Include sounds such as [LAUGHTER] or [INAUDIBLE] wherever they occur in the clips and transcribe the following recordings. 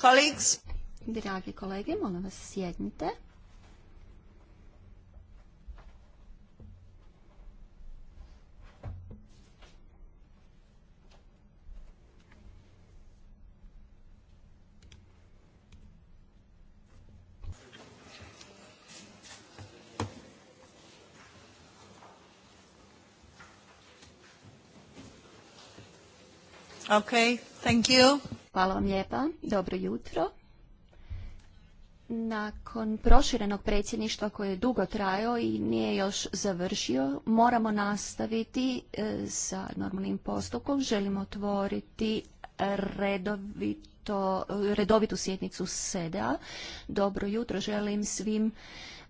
Colleagues. Dragi kolege, molim vas sjednite. Okay, thank you. Hvala vam lijepa. Dobro jutro. Nakon proširenog predsjedništva koje je dugo trajao i nije još završio, moramo nastaviti e, sa normalnim postupkom. Želimo otvoriti redovitu sjednicu SEDA. Dobro jutro želim svim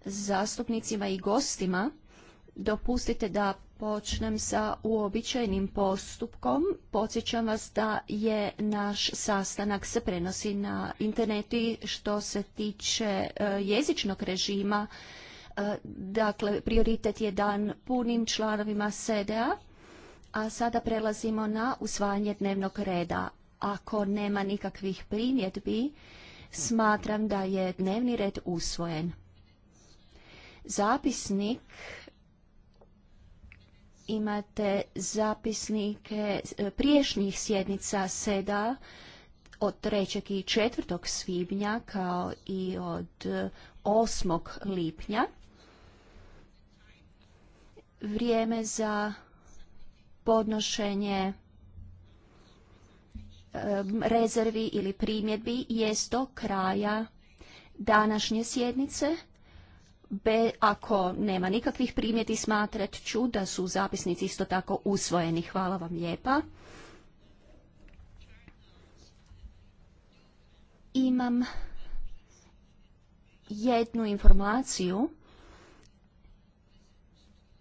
zastupnicima i gostima Dopustite da počnem sa uobičajenim postupkom. Podsjećam vas da je naš sastanak se prenosi na internetu što se tiče e, jezičnog režima, e, dakle prioritet je dan punim članovima SEDA, a sada prelazimo na usvajanje dnevnog reda. Ako nema nikakvih primjedbi, smatram da je dnevni red usvojen. Zapisnik imate zapisnike e, priješnjih sjednica SEDA od 3. i 4. svibnja kao i od 8. E, lipnja. Vrijeme za podnošenje e, rezervi ili primjedbi je do kraja današnje sjednice Be, ako nema nikakvih primjeti, smatrat ću da su zapisnici isto tako usvojeni. Hvala vam lijepa. Imam jednu informaciju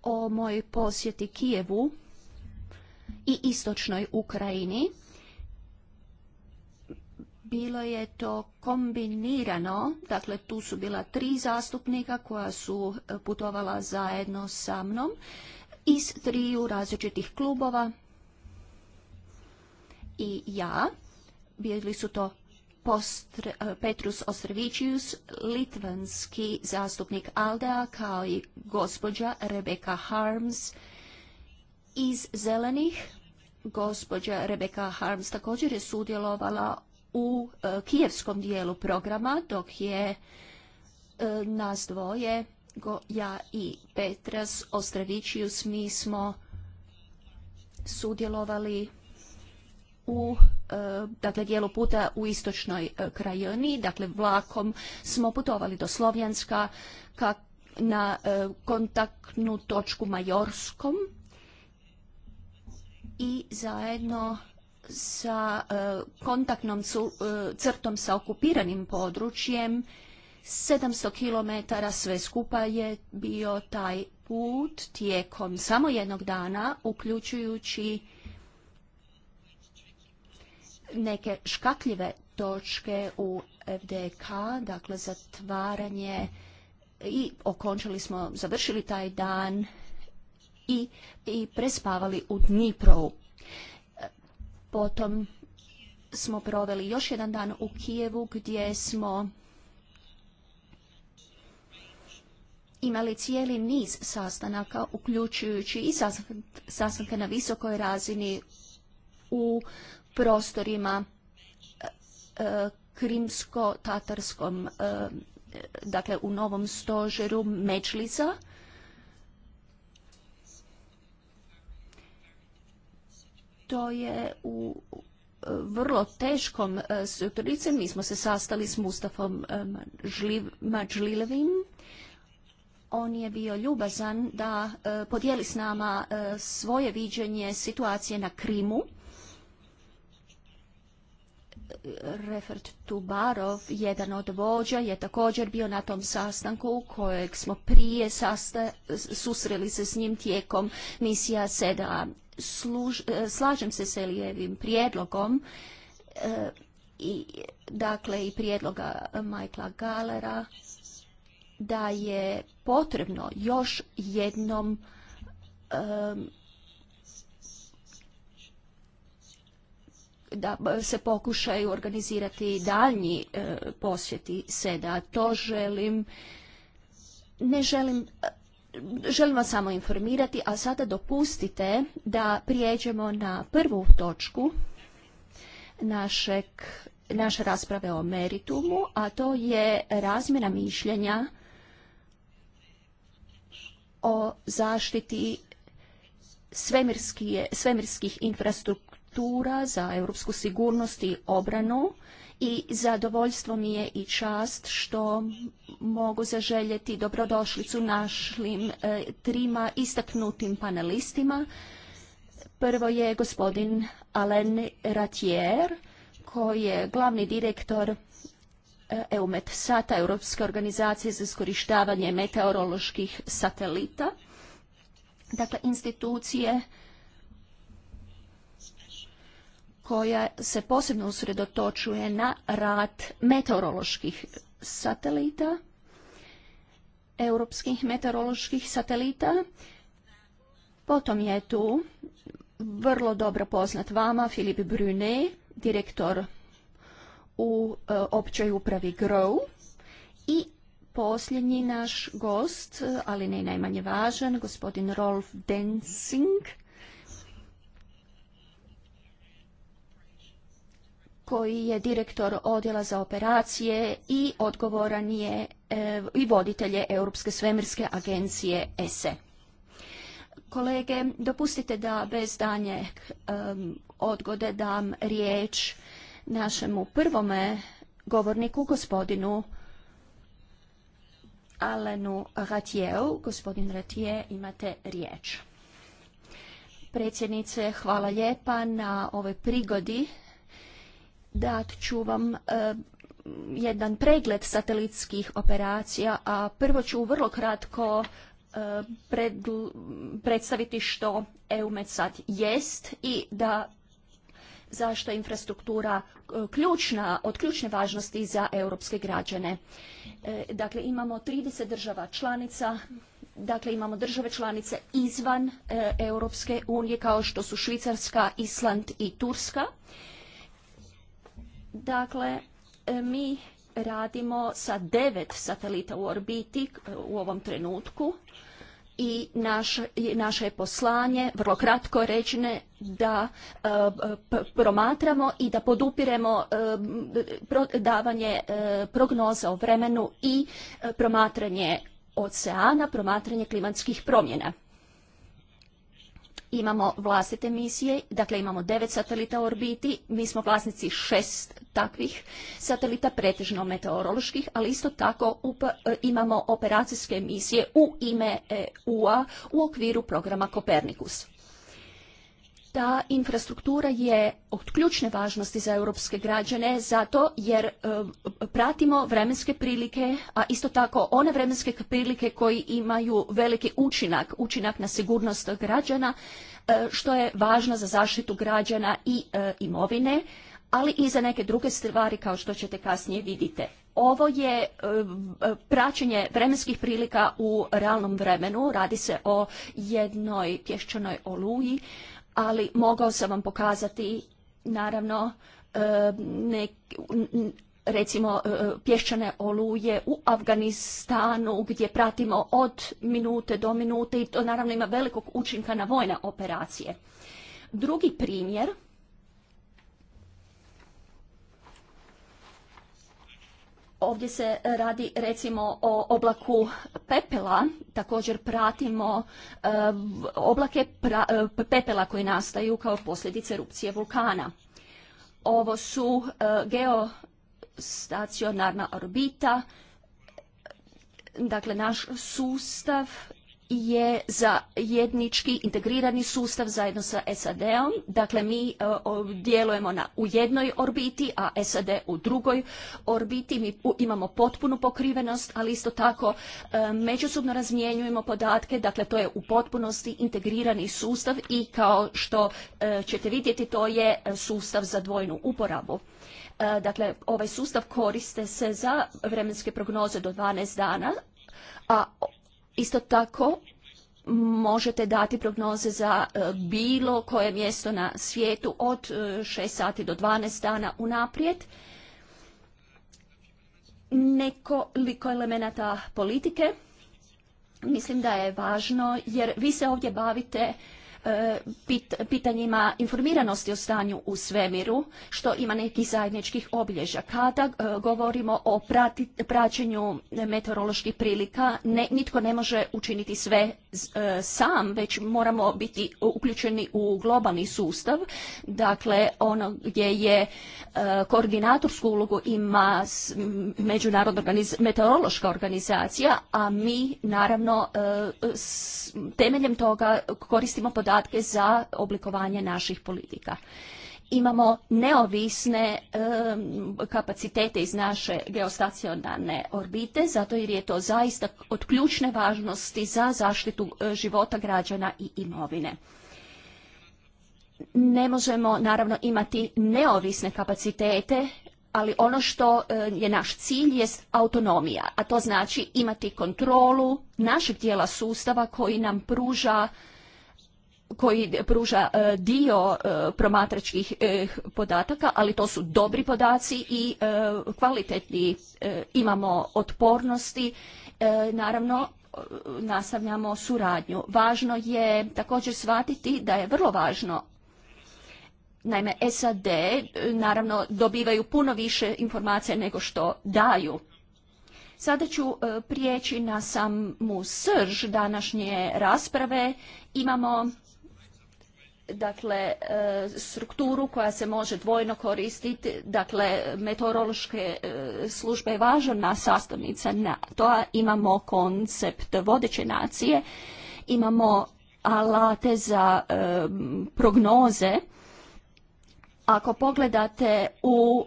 o mojoj posjeti Kijevu i istočnoj Ukrajini bilo je to kombinirano, dakle tu su bila tri zastupnika koja su e, putovala zajedno sa mnom iz triju različitih klubova i ja, bili su to e, Petrus Ostrevičius, litvanski zastupnik Aldea, kao i gospođa Rebeka Harms iz Zelenih. Gospođa Rebeka Harms također je sudjelovala u e, kijevskom dijelu programa, dok je e, nas dvoje, ja i Petras Ostravičius, mi smo sudjelovali u e, dakle dijelu puta u istočnoj krajini, dakle vlakom smo putovali do Slovjanska na kontaktnu točku Majorskom i zajedno sa e, kontaktnom e, crtom sa okupiranim područjem 700 km sve skupa je bio taj put tijekom samo jednog dana, uključujući neke škakljive točke u FDK, dakle zatvaranje i okončili smo, završili taj dan i, i prespavali u Dniprovu. Potom smo proveli još jedan dan u Kijevu gdje smo imali cijeli niz sastanaka, uključujući i sastanke na visokoj razini u prostorima e, e, krimsko-tatarskom, e, dakle u novom stožeru Mečlica, to je u e, vrlo teškom e, situaciju, Mi smo se sastali s Mustafom e, Mađlilevim. On je bio ljubazan da podijeli s nama svoje viđenje situacije na Krimu. Refert Tubarov, jedan od vođa, je također bio na tom sastanku kojeg smo prije susreli se s njim tijekom misija SEDA E, slažem se s Elijevim prijedlogom e, i dakle i prijedloga Michaela Galera da je potrebno još jednom da se pokušaju organizirati daljnji e, posjeti seda. To želim, ne želim Želim vas samo informirati, a sada dopustite da prijeđemo na prvu točku našeg, naše rasprave o meritumu, a to je razmjena mišljenja o zaštiti svemirskih infrastruktura za europsku sigurnost i obranu i zadovoljstvo mi je i čast što mogu zaželjeti dobrodošlicu našim e, trima istaknutim panelistima. Prvo je gospodin Alain Ratier, koji je glavni direktor e, EUMET SATA, Europske organizacije za iskorištavanje meteoroloških satelita, dakle institucije koja se posebno usredotočuje na rad meteoroloških satelita, europskih meteoroloških satelita. Potom je tu vrlo dobro poznat vama Filip Brunet, direktor u e, općoj upravi GROW i posljednji naš gost, e, ali ne najmanje važan, gospodin Rolf Densing, koji je direktor odjela za operacije i odgovoran je e, i voditelje Europske svemirske agencije ESE. Kolege, dopustite da bez danje odgode dam riječ našemu prvome govorniku, gospodinu Alenu Ratijeu. Gospodin Ratije, imate riječ. Predsjednice, hvala lijepa na ovoj prigodi dat ću vam e, jedan pregled satelitskih operacija, a prvo ću vrlo kratko e, predstaviti što EUMETSAT jest i da zašto je infrastruktura e, ključna, od ključne važnosti za europske građane. dakle, imamo 30 država članica, dakle imamo države članice izvan EU Europske unije kao što su Švicarska, Island i Turska. Dakle, e, mi radimo sa devet satelita u orbiti e, u ovom trenutku i naše je poslanje, vrlo kratko rečne, da e, promatramo i da podupiremo davanje prognoza o vremenu i promatranje oceana, promatranje klimatskih promjena. Imamo vlastite misije, dakle imamo devet satelita u orbiti, mi smo vlasnici šest takvih satelita, pretežno meteoroloških, ali isto tako e, imamo operacijske misije u ime EU-a u okviru programa Kopernikus. Ta infrastruktura je od ključne važnosti za europske građane zato jer eh, pratimo vremenske prilike, a isto tako one vremenske prilike koji imaju veliki učinak, učinak na sigurnost građana, eh, što je važno za zaštitu građana i eh, imovine, ali i za neke druge stvari kao što ćete kasnije vidite. Ovo je praćenje vremenskih prilika u realnom vremenu, radi se o jednoj pješčanoj oluji ali mogao sam vam pokazati naravno e, recimo e, pješčane oluje u Afganistanu gdje pratimo od minute do minute i to naravno ima velikog učinka na vojne operacije. Drugi primjer Ovdje se radi recimo o oblaku pepela, također pratimo e, oblake e, pepela koji nastaju kao posljedice erupcije vulkana. Ovo su e, geostacionarna orbita, dakle naš sustav je za jednički integrirani sustav zajedno sa SAD-om. Dakle, mi e, djelujemo u jednoj orbiti, a SAD u drugoj orbiti. Mi imamo potpunu pokrivenost, ali isto tako e, međusobno razmjenjujemo podatke. Dakle, to je u potpunosti integrirani sustav i kao što e, ćete vidjeti, to je sustav za dvojnu uporabu. Dakle, ovaj sustav koriste se za vremenske prognoze do 12 dana, a Isto tako možete dati prognoze za e, bilo koje mjesto na svijetu od 6 e, sati do 12 dana unaprijed. Nekoliko elemenata politike mislim da je važno jer vi se ovdje bavite E, pitanjima informiranosti o stanju u svemiru, što ima nekih zajedničkih obilježja. Kada e, govorimo o praćenju meteoroloških prilika, nitko ne može učiniti sve e, sam, već moramo biti uključeni u globalni sustav. Dakle, ono gdje je koordinatorsku ulogu ima međunarodna meteorološka organizacija, a mi naravno temeljem toga koristimo podatke podatke za oblikovanje naših politika imamo neovisne kapacitete iz naše geostacionarne orbite, zato jer je to zaista od ključne važnosti za zaštitu e, života građana i imovine. Ne možemo naravno imati neovisne kapacitete, ali ono što e, je naš cilj jest autonomija, a to znači imati kontrolu našeg dijela sustava koji nam pruža koji pruža e, dio e, promatračkih e, podataka, ali to su dobri podaci i kvalitetni. Imamo otpornosti, naravno nastavljamo suradnju. Važno je također shvatiti da je vrlo važno Naime, SAD naravno dobivaju puno više informacija nego što daju. Sada ću prijeći na samu srž današnje rasprave. Imamo dakle e, strukturu koja se može dvojno koristiti, dakle meteorološke e, službe je važna sastavnica na to, imamo koncept vodeće nacije, imamo alate za e, prognoze. Ako pogledate u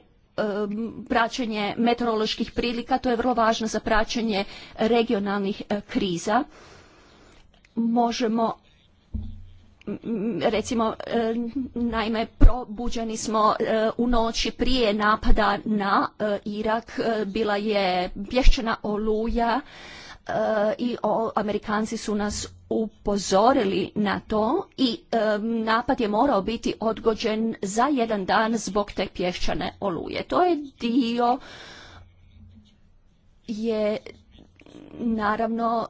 praćenje meteoroloških prilika, to je vrlo važno za praćenje regionalnih kriza. Možemo Mm, recimo e, naime probuđeni smo e, u noći prije napada na e, Irak bila je pješčana oluja i Amerikanci su nas upozorili na to i napad je morao biti odgođen za jedan dan zbog te pješčane oluje to je dio je naravno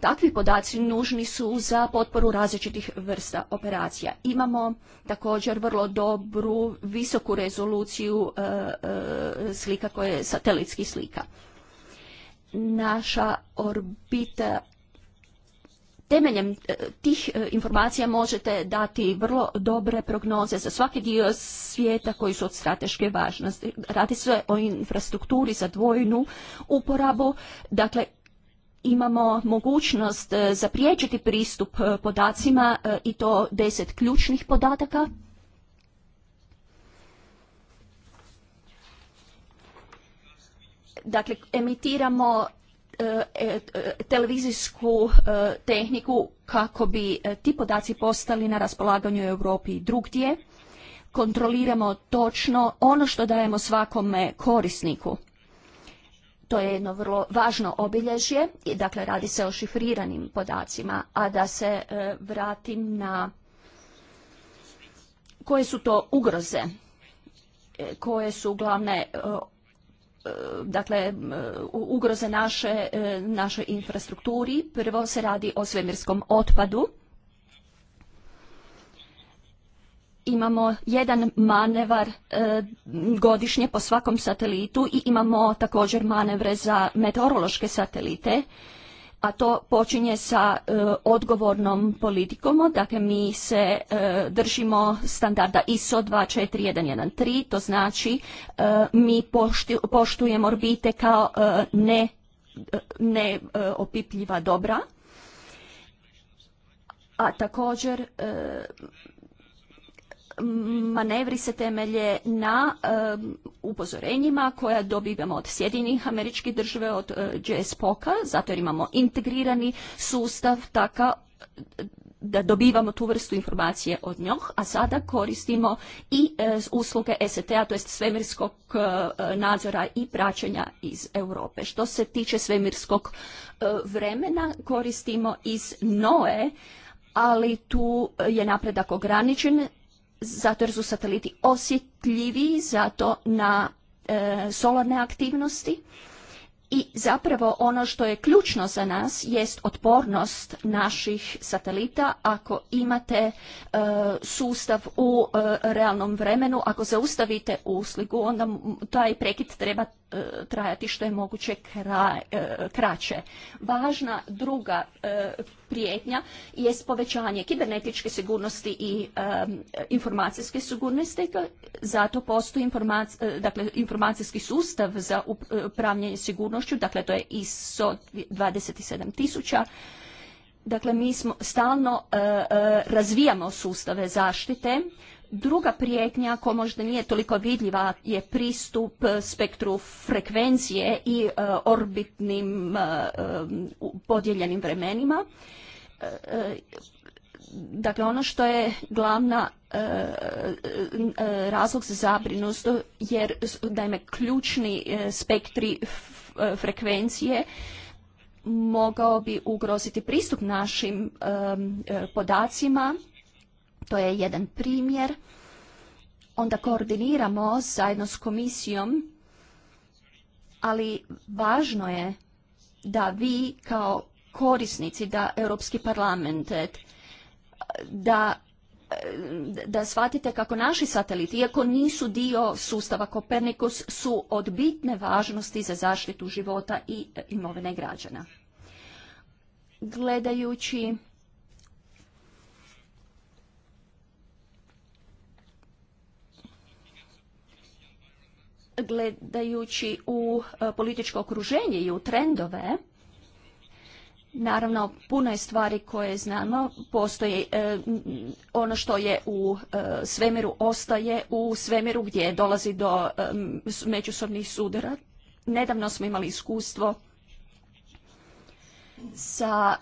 Takvi podaci nužni su za potporu različitih vrsta operacija. Imamo također vrlo dobru visoku rezoluciju e, e, slika koje je satelitskih slika. Naša orbita temeljem e, tih informacija možete dati vrlo dobre prognoze za svaki dio svijeta koji su od strateške važnosti. Radi se o infrastrukturi za dvojnu uporabu, dakle imamo mogućnost e, zapriječiti pristup e, podacima e, i to deset ključnih podataka. Dakle, emitiramo televizijsku tehniku kako bi ti podaci postali na raspolaganju u Europi drugdje. Kontroliramo točno ono što dajemo svakome korisniku. To je jedno vrlo važno obilježje, dakle radi se o šifriranim podacima, a da se e, vratim na koje su to ugroze, e, koje su glavne e, dakle ugroze naše, našoj infrastrukturi. Prvo se radi o svemirskom otpadu imamo jedan manevar e, godišnje po svakom satelitu i imamo također manevre za meteorološke satelite a to počinje sa e, odgovornom politikom dakle mi se e, držimo standarda ISO 24113 to znači mi poštujemo orbite kao ne neopipljiva dobra a također manevri se temelje na upozorenjima koja dobivamo od Sjedinjenih američkih države, od GSPOK-a, e, zato jer imamo integrirani sustav taka da dobivamo tu vrstu informacije od njoh, a sada koristimo i e, usluge SET-a, to je svemirskog e, nadzora i praćenja iz Europe. Što se tiče svemirskog vremena, koristimo iz NOE, ali tu je napredak ograničen zato jer su sateliti osjetljivi zato na e, solarne aktivnosti i zapravo ono što je ključno za nas jest otpornost naših satelita ako imate e, sustav u e, realnom vremenu ako zaustavite usligu onda taj prekid treba e, trajati što je moguće kraće važna druga prijetnja jest povećanje kibernetičke sigurnosti i informacijske sigurnosti. Zato postoji e, dakle, informacijski sustav za e, upravljanje sigurnošću, dakle to je ISO 27000. Dakle, mi smo stalno e, razvijamo sustave zaštite Druga prijetnja, koja možda nije toliko vidljiva, je pristup e, spektru frekvencije i e, orbitnim e, podijeljenim vremenima. Dakle, ono što je glavna razlog za zabrinost, jer dajme ključni spektri frekvencije mogao bi ugroziti pristup našim podacima to je jedan primjer. Onda koordiniramo zajedno s komisijom, ali važno je da vi kao korisnici, da Europski parlament, da da shvatite kako naši sateliti, iako nisu dio sustava Kopernikus, su od bitne važnosti za zaštitu života i imovine građana. Gledajući gledajući u e, političko okruženje i u trendove, Naravno, puno je stvari koje znamo, postoji e, ono što je u e, svemiru ostaje u svemiru gdje dolazi do međusobnih sudara. Nedavno smo imali iskustvo sa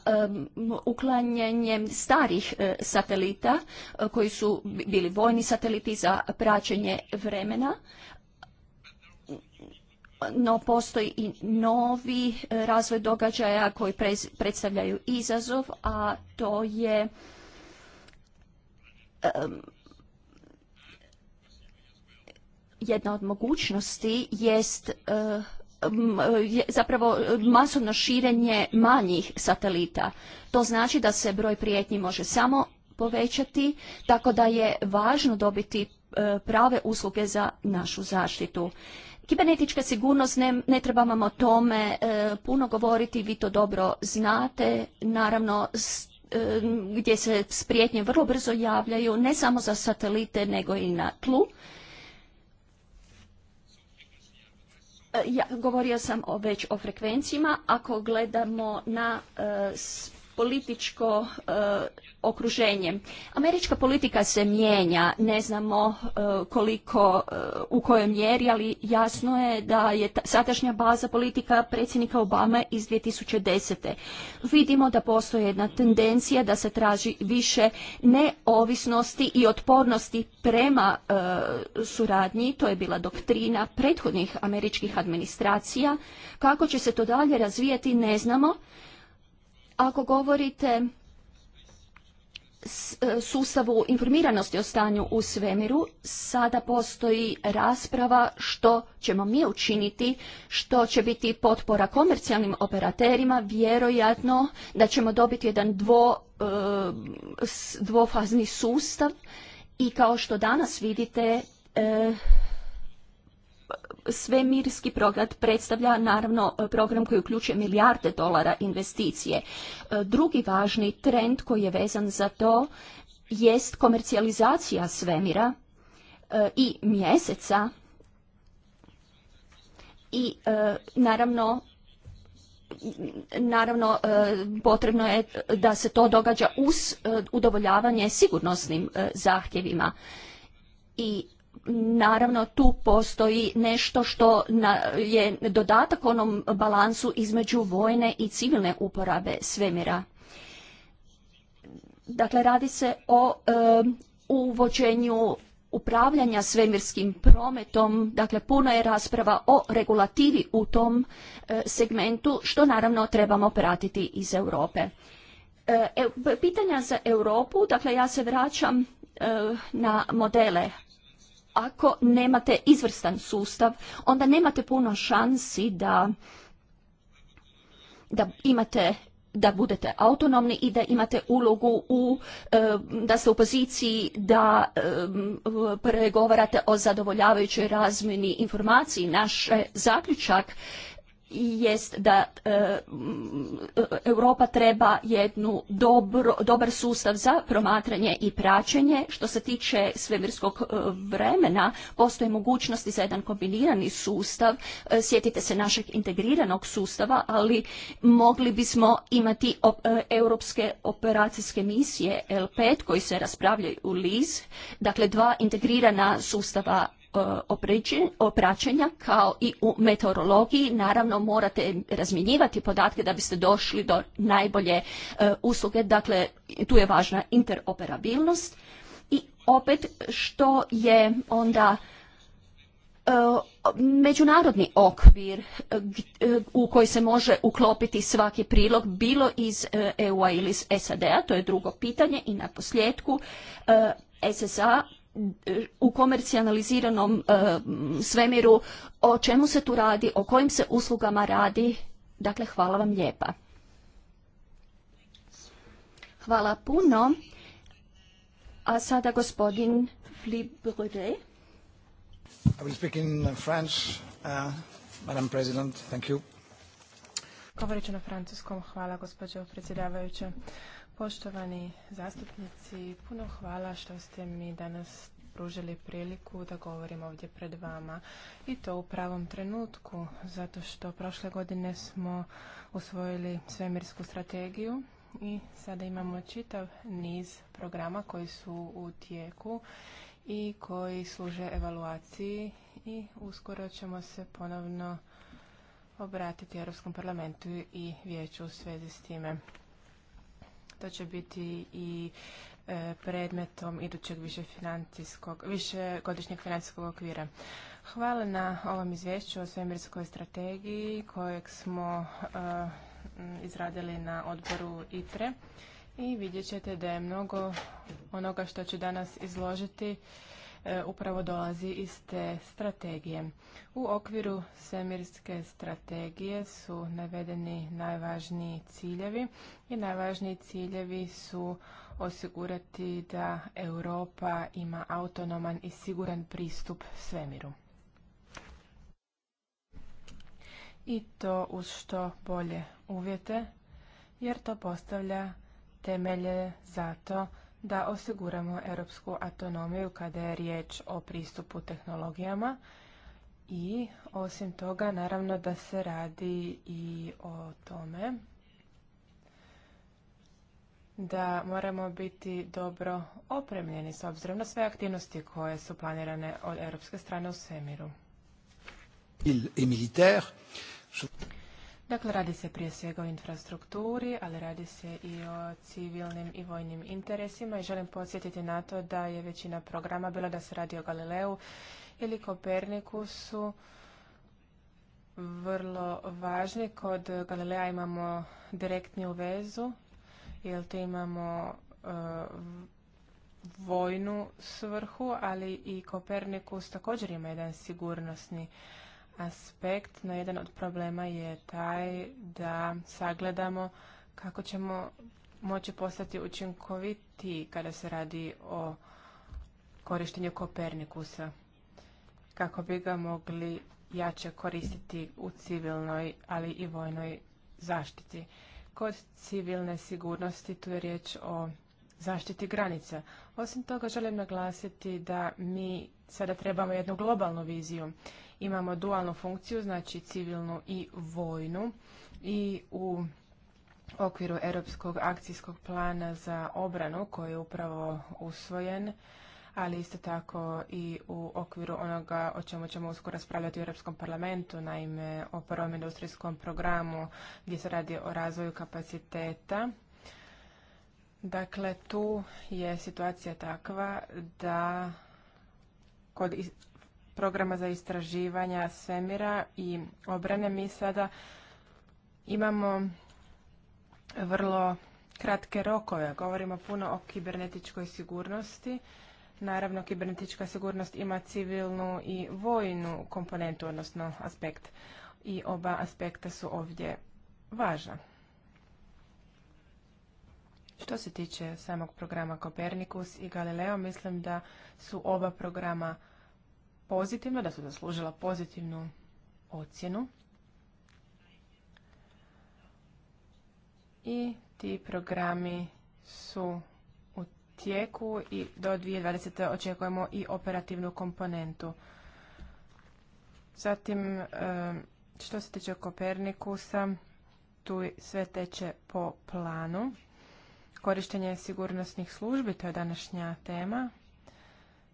uklanjanjem starih satelita koji su bili vojni sateliti za praćenje vremena no postoji i novi e, razvoj događaja koji predstavljaju izazov, a to je jedna od mogućnosti jest e, zapravo masovno širenje manjih satelita. To znači da se broj prijetnji može samo povećati, tako da je važno dobiti e, prave usluge za našu zaštitu. Kibernetička sigurnost, ne, ne trebamo o tome e, puno govoriti, vi to dobro znate, naravno e, gdje se sprijetnje vrlo brzo javljaju, ne samo za satelite nego i na tlu. E, ja, govorio sam o, već o frekvencijama. Ako gledamo na e, političko e, okruženje. Američka politika se mijenja, ne znamo e, koliko, e, u kojoj mjeri, ali jasno je da je sadašnja baza politika predsjednika Obame iz 2010. Vidimo da postoji jedna tendencija da se traži više neovisnosti i otpornosti prema suradnji, to je bila doktrina prethodnih američkih administracija. Kako će se to dalje razvijati ne znamo. Ako govorite e, sustavu informiranosti o stanju u svemiru sada postoji rasprava što ćemo mi učiniti, što će biti potpora komercijalnim operaterima, vjerojatno da ćemo dobiti jedan e, dvofazni sustav i kao što danas vidite e, svemirski program predstavlja naravno program koji uključuje milijarde dolara investicije. E, drugi važni trend koji je vezan za to jest komercijalizacija svemira e, i mjeseca i e, naravno naravno potrebno je da se to događa uz udovoljavanje sigurnosnim zahtjevima i naravno tu postoji nešto što je dodatak onom balansu između vojne i civilne uporabe svemira. Dakle, radi se o uvođenju upravljanja svemirskim prometom, dakle puno je rasprava o regulativi u tom e, segmentu što naravno trebamo pratiti iz Europe. E, e, pitanja za Europu, dakle ja se vraćam na modele ako nemate izvrstan sustav, onda nemate puno šansi da da imate da budete autonomni i da imate ulogu u, e, da ste u poziciji da e, pregovarate o zadovoljavajućoj razmjeni informaciji. Naš e, zaključak jest da e, Europa treba jednu dobro, dobar sustav za promatranje i praćenje. Što se tiče svemirskog e, vremena, postoje mogućnosti za jedan kombinirani sustav. E, sjetite se našeg integriranog sustava, ali mogli bismo imati europske operacijske misije L5 koji se raspravljaju u LIS, dakle dva integrirana sustava E, opraćenja kao i u meteorologiji. Naravno morate razminjivati podatke da biste došli do najbolje e, usluge. Dakle, tu je važna interoperabilnost i opet što je onda e, međunarodni okvir u koji se može uklopiti svaki prilog bilo iz EU-a ili iz SAD-a, to je drugo pitanje i na posljedku SSA u komercijaliziranom e, svemiru, o čemu se tu radi, o kojim se uslugama radi. Dakle, hvala vam lijepa. Hvala puno. A sada gospodin Flibre. I speak in French, uh, Madam President, thank you. Govorit ću na francuskom. Hvala, gospođo predsjedavajuća. Poštovani zastupnici, puno hvala što ste mi danas pružili priliku da govorim ovdje pred vama i to u pravom trenutku, zato što prošle godine smo usvojili svemirsku strategiju i sada imamo čitav niz programa koji su u tijeku i koji služe evaluaciji i uskoro ćemo se ponovno obratiti Europskom parlamentu i vijeću u svezi s time. To će biti i e, predmetom idućeg više financijskog, više godišnjeg financijskog okvira. Hvala na ovom izvješću o svemirskoj strategiji kojeg smo e, izradili na odboru ITRE i vidjet ćete da je mnogo onoga što ću danas izložiti E, upravo dolazi iz te strategije. U okviru svemirske strategije su navedeni najvažniji ciljevi i najvažniji ciljevi su osigurati da Europa ima autonoman i siguran pristup svemiru. I to uz što bolje uvjete, jer to postavlja temelje za to da osiguramo europsku autonomiju kada je riječ o pristupu tehnologijama i osim toga naravno da se radi i o tome da moramo biti dobro opremljeni s obzirom na sve aktivnosti koje su planirane od europske strane u svemiru. Dakle, radi se prije svega o infrastrukturi, ali radi se i o civilnim i vojnim interesima i želim podsjetiti na to da je većina programa, bilo da se radi o Galileu ili su vrlo važni. Kod Galilea imamo direktniju vezu, jer tu imamo e, vojnu svrhu, ali i Kopernikus također ima jedan sigurnosni aspekt, no jedan od problema je taj da sagledamo kako ćemo moći postati učinkoviti kada se radi o korištenju Kopernikusa, kako bi ga mogli jače koristiti u civilnoj, ali i vojnoj zaštiti. Kod civilne sigurnosti tu je riječ o zaštiti granica. Osim toga želim naglasiti da mi sada trebamo jednu globalnu viziju Imamo dualnu funkciju, znači civilnu i vojnu i u okviru Europskog akcijskog plana za obranu koji je upravo usvojen, ali isto tako i u okviru onoga o čemu ćemo uskoro raspravljati u Europskom parlamentu, naime o prvom industrijskom programu gdje se radi o razvoju kapaciteta. Dakle, tu je situacija takva da kod programa za istraživanja svemira i obrane mi sada imamo vrlo kratke rokove. Govorimo puno o kibernetičkoj sigurnosti. Naravno, kibernetička sigurnost ima civilnu i vojnu komponentu, odnosno aspekt. I oba aspekta su ovdje važna. Što se tiče samog programa Kopernikus i Galileo, mislim da su oba programa pozitivno, da su zaslužila pozitivnu ocjenu. I ti programi su u tijeku i do 2020. očekujemo i operativnu komponentu. Zatim, e, što se tiče Kopernikusa, tu sve teče po planu. Korištenje sigurnosnih službi, to je današnja tema.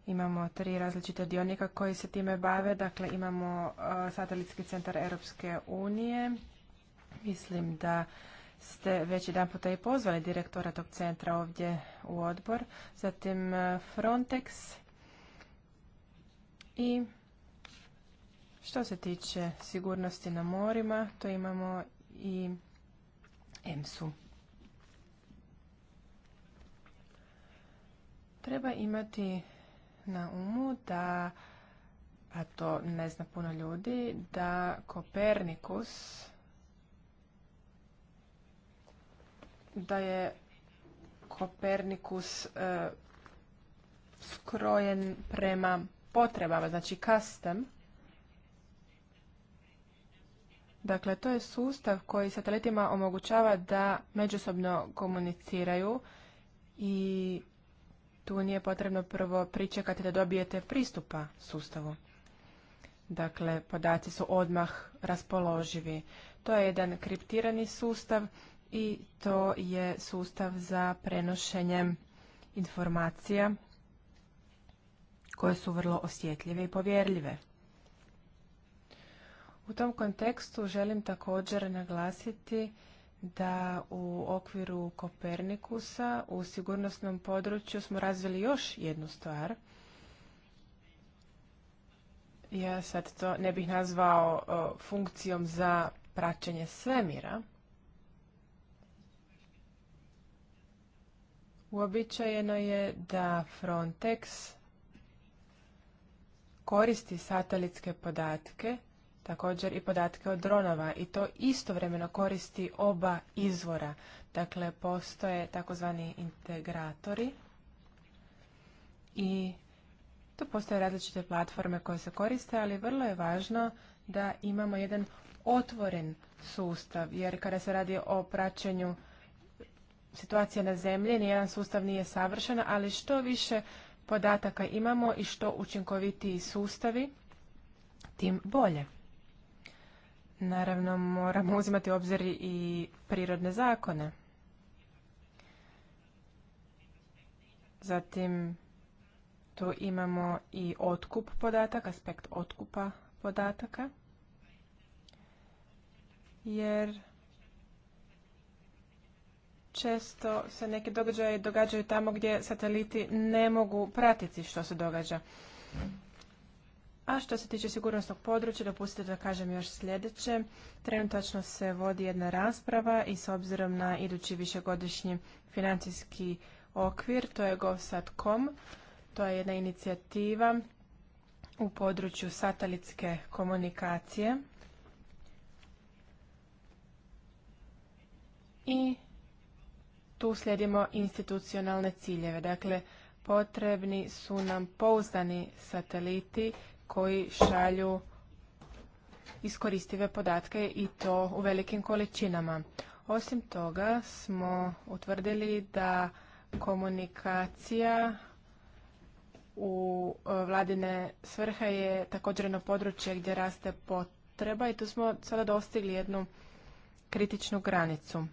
Imamo tri različite dionika koji se time bave. Dakle, imamo e, satelitski centar Europske unije. Mislim da ste već jedan puta i pozvali direktora tog centra ovdje u odbor. Zatim e, Frontex i što se tiče sigurnosti na morima, to imamo i EMSU. Treba imati na umu da, a to ne zna puno ljudi, da Kopernikus da je Kopernikus e, skrojen prema potrebama, znači custom. Dakle, to je sustav koji satelitima omogućava da međusobno komuniciraju i tu nije potrebno prvo pričekati da dobijete pristupa sustavu. Dakle, podaci su odmah raspoloživi. To je jedan kriptirani sustav i to je sustav za prenošenje informacija koje su vrlo osjetljive i povjerljive. U tom kontekstu želim također naglasiti da u okviru Kopernikusa u sigurnosnom području smo razvili još jednu stvar. Ja sad to ne bih nazvao funkcijom za praćenje svemira. Uobičajeno je da Frontex koristi satelitske podatke također i podatke od dronova i to istovremeno koristi oba izvora. Dakle, postoje takozvani integratori i tu postoje različite platforme koje se koriste, ali vrlo je važno da imamo jedan otvoren sustav, jer kada se radi o praćenju situacije na zemlji, nijedan sustav nije savršen, ali što više podataka imamo i što učinkovitiji sustavi, tim bolje. Naravno, moramo uzimati u obzir i prirodne zakone. Zatim, tu imamo i otkup podataka, aspekt otkupa podataka. Jer često se neke događaje događaju tamo gdje sateliti ne mogu pratiti što se događa. A što se tiče sigurnosnog područja, dopustite da kažem još sljedeće. Trenutačno se vodi jedna rasprava i s obzirom na idući višegodišnji financijski okvir, to je GovSat.com, to je jedna inicijativa u području satelitske komunikacije. I tu slijedimo institucionalne ciljeve. Dakle, potrebni su nam pouzdani sateliti koji šalju iskoristive podatke i to u velikim količinama. Osim toga smo utvrdili da komunikacija u e, vladine svrhe je također jedno područje gdje raste potreba i tu smo sada dostigli jednu kritičnu granicu.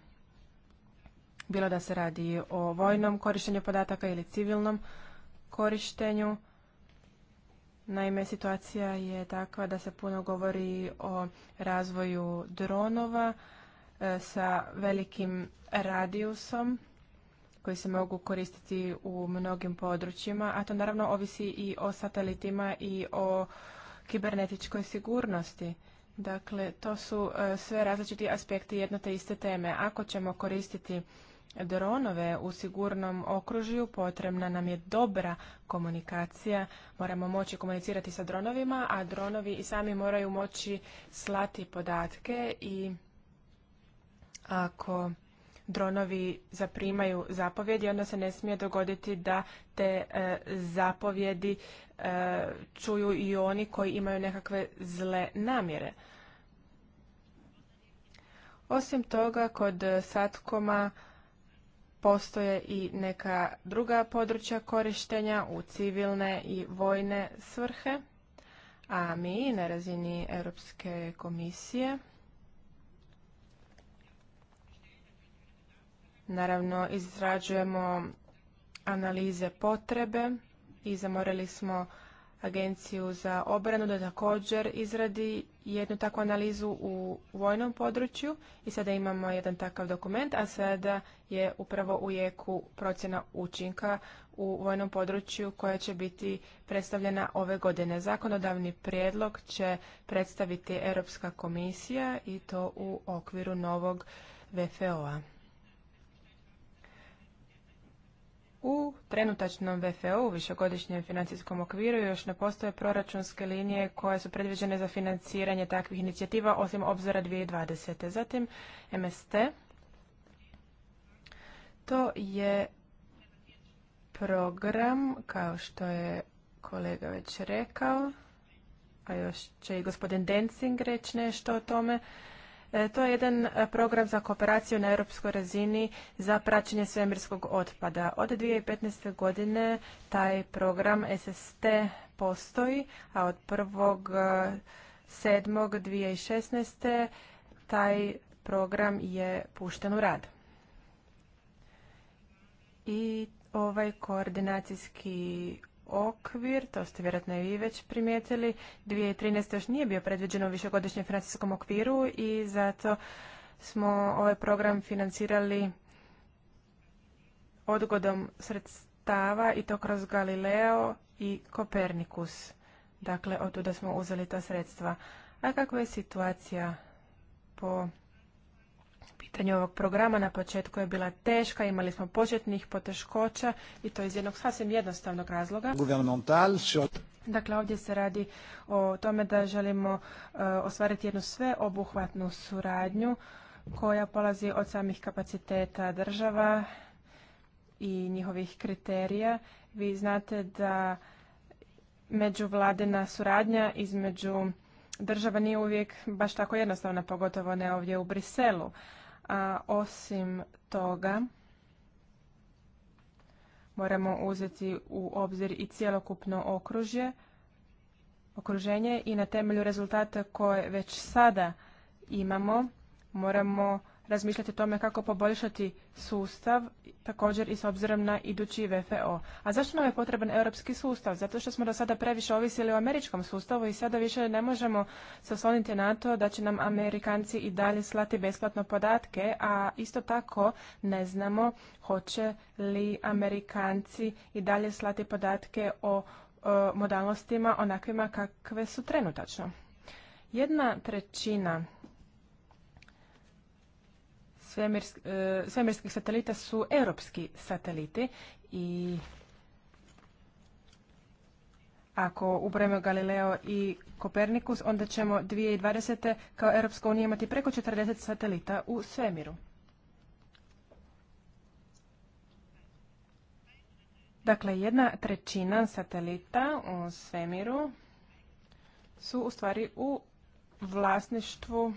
Bilo da se radi o vojnom korištenju podataka ili civilnom korištenju Naime, situacija je takva da se puno govori o razvoju dronova e, sa velikim radijusom koji se mogu koristiti u mnogim područjima, a to naravno ovisi i o satelitima i o kibernetičkoj sigurnosti. Dakle, to su e, sve različiti aspekti jedno te iste teme. Ako ćemo koristiti dronove u sigurnom okružju potrebna nam je dobra komunikacija. Moramo moći komunicirati sa dronovima, a dronovi i sami moraju moći slati podatke i ako dronovi zaprimaju zapovjedi, onda se ne smije dogoditi da te e, zapovjedi e, čuju i oni koji imaju nekakve zle namjere. Osim toga, kod Satkoma postoje i neka druga područja korištenja u civilne i vojne svrhe, a mi na razini Europske komisije naravno izrađujemo analize potrebe i zamorili smo agenciju za obranu da također izradi jednu takvu analizu u vojnom području i sada imamo jedan takav dokument, a sada je upravo u jeku procjena učinka u vojnom području koja će biti predstavljena ove godine. Zakonodavni prijedlog će predstaviti Europska komisija i to u okviru novog VFO-a. U trenutačnom VFU, u višegodišnjem financijskom okviru, još ne postoje proračunske linije koje su predviđene za financiranje takvih inicijativa, osim obzora 2020. Zatim, MST. To je program, kao što je kolega već rekao, a još će i gospodin Densing reći nešto o tome, E, to je jedan e, program za kooperaciju na europskoj razini za praćenje svemirskog otpada. Od 2015. godine taj program SST postoji, a od 1.7.2016. E, taj program je pušten u rad. I ovaj koordinacijski okvir, to ste vjerojatno i vi već primijetili. 2013. još nije bio predviđeno u višegodišnjem financijskom okviru i zato smo ovaj program financirali odgodom sredstava i to kroz Galileo i Kopernikus. Dakle, od tuda smo uzeli ta sredstva. A kakva je situacija po pitanje ovog programa na početku je bila teška, imali smo početnih poteškoća i to iz jednog sasvim jednostavnog razloga. Dakle, ovdje se radi o tome da želimo osvariti e, ostvariti jednu sveobuhvatnu suradnju koja polazi od samih kapaciteta država i njihovih kriterija. Vi znate da međuvladina suradnja između država nije uvijek baš tako jednostavna, pogotovo ne ovdje u Briselu. A osim toga, moramo uzeti u obzir i cjelokupno okružje, okruženje i na temelju rezultata koje već sada imamo, moramo razmišljati o tome kako poboljšati sustav, također i s obzirom na idući VFO. A zašto nam je potreban europski sustav? Zato što smo do sada previše ovisili o američkom sustavu i sada više ne možemo se osloniti na to da će nam Amerikanci i dalje slati besplatno podatke, a isto tako ne znamo hoće li Amerikanci i dalje slati podatke o, o modalnostima onakvima kakve su trenutačno. Jedna trećina E, svemirskih satelita su europski sateliti i ako ubrojimo Galileo i Kopernikus, onda ćemo 2020. kao Europska unija imati preko 40 satelita u svemiru. Dakle, jedna trećina satelita u svemiru su u stvari u vlasništvu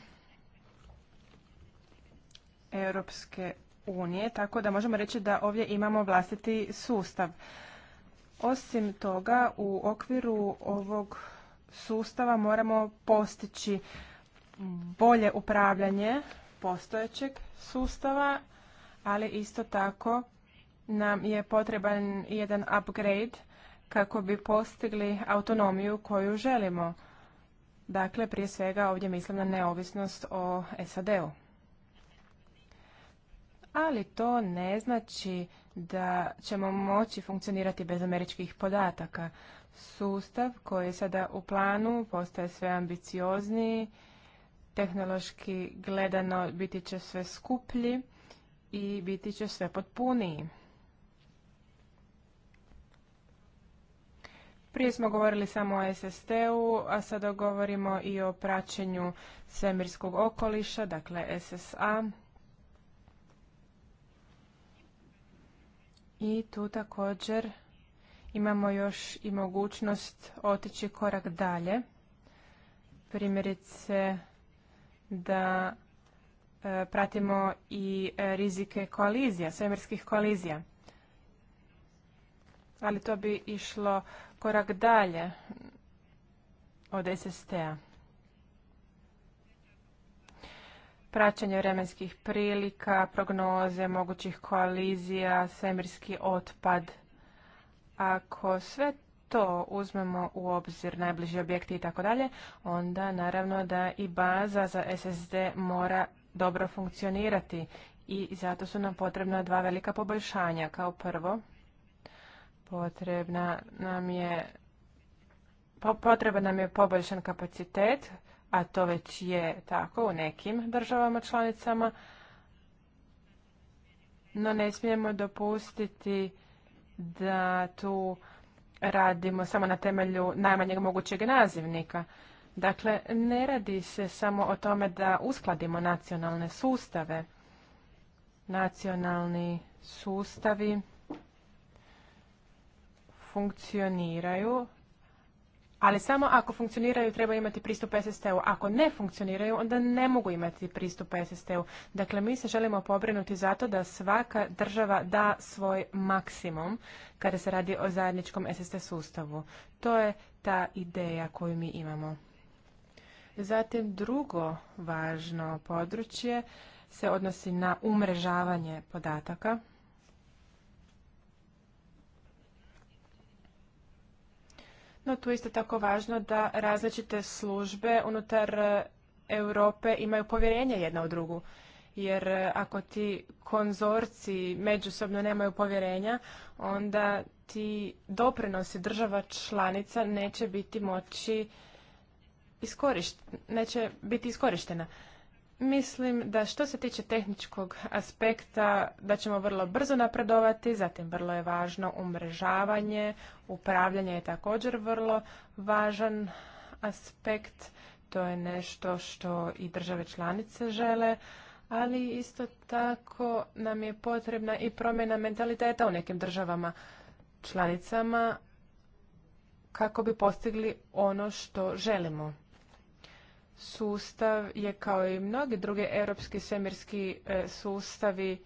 Europske unije, tako da možemo reći da ovdje imamo vlastiti sustav. Osim toga, u okviru ovog sustava moramo postići bolje upravljanje postojećeg sustava, ali isto tako nam je potreban jedan upgrade kako bi postigli autonomiju koju želimo. Dakle, prije svega ovdje mislim na neovisnost o SAD-u ali to ne znači da ćemo moći funkcionirati bez američkih podataka. Sustav koji je sada u planu postaje sve ambiciozniji, tehnološki gledano biti će sve skuplji i biti će sve potpuniji. Prije smo govorili samo o SST-u, a sada govorimo i o praćenju svemirskog okoliša, dakle SSA. I tu također imamo još i mogućnost otići korak dalje. Primjerice da e, pratimo i e, rizike koalizija, svemirskih koalizija. Ali to bi išlo korak dalje od SST-a. praćenje vremenskih prilika, prognoze mogućih koalizija, svemirski otpad. Ako sve to uzmemo u obzir najbliži objekti i tako dalje, onda naravno da i baza za SSD mora dobro funkcionirati i zato su nam potrebna dva velika poboljšanja. Kao prvo, potrebna nam je potreban nam je poboljšan kapacitet a to već je tako u nekim državama članicama, no ne smijemo dopustiti da tu radimo samo na temelju najmanjeg mogućeg nazivnika. Dakle, ne radi se samo o tome da uskladimo nacionalne sustave. Nacionalni sustavi funkcioniraju ali samo ako funkcioniraju treba imati pristup SST-u. Ako ne funkcioniraju, onda ne mogu imati pristup SST-u. Dakle, mi se želimo pobrinuti zato da svaka država da svoj maksimum kada se radi o zajedničkom SST sustavu. To je ta ideja koju mi imamo. Zatim drugo važno područje se odnosi na umrežavanje podataka. No tu isto tako važno da različite službe unutar e, Europe imaju povjerenje jedna u drugu. Jer e, ako ti konzorci međusobno nemaju povjerenja, onda ti doprinosi država članica neće biti moći iskorišten, neće biti iskorištena. Mislim da što se tiče tehničkog aspekta da ćemo vrlo brzo napredovati, zatim vrlo je važno umrežavanje, upravljanje je također vrlo važan aspekt, to je nešto što i države članice žele, ali isto tako nam je potrebna i promjena mentaliteta u nekim državama članicama kako bi postigli ono što želimo sustav je kao i mnogi druge europski svemirski e, sustavi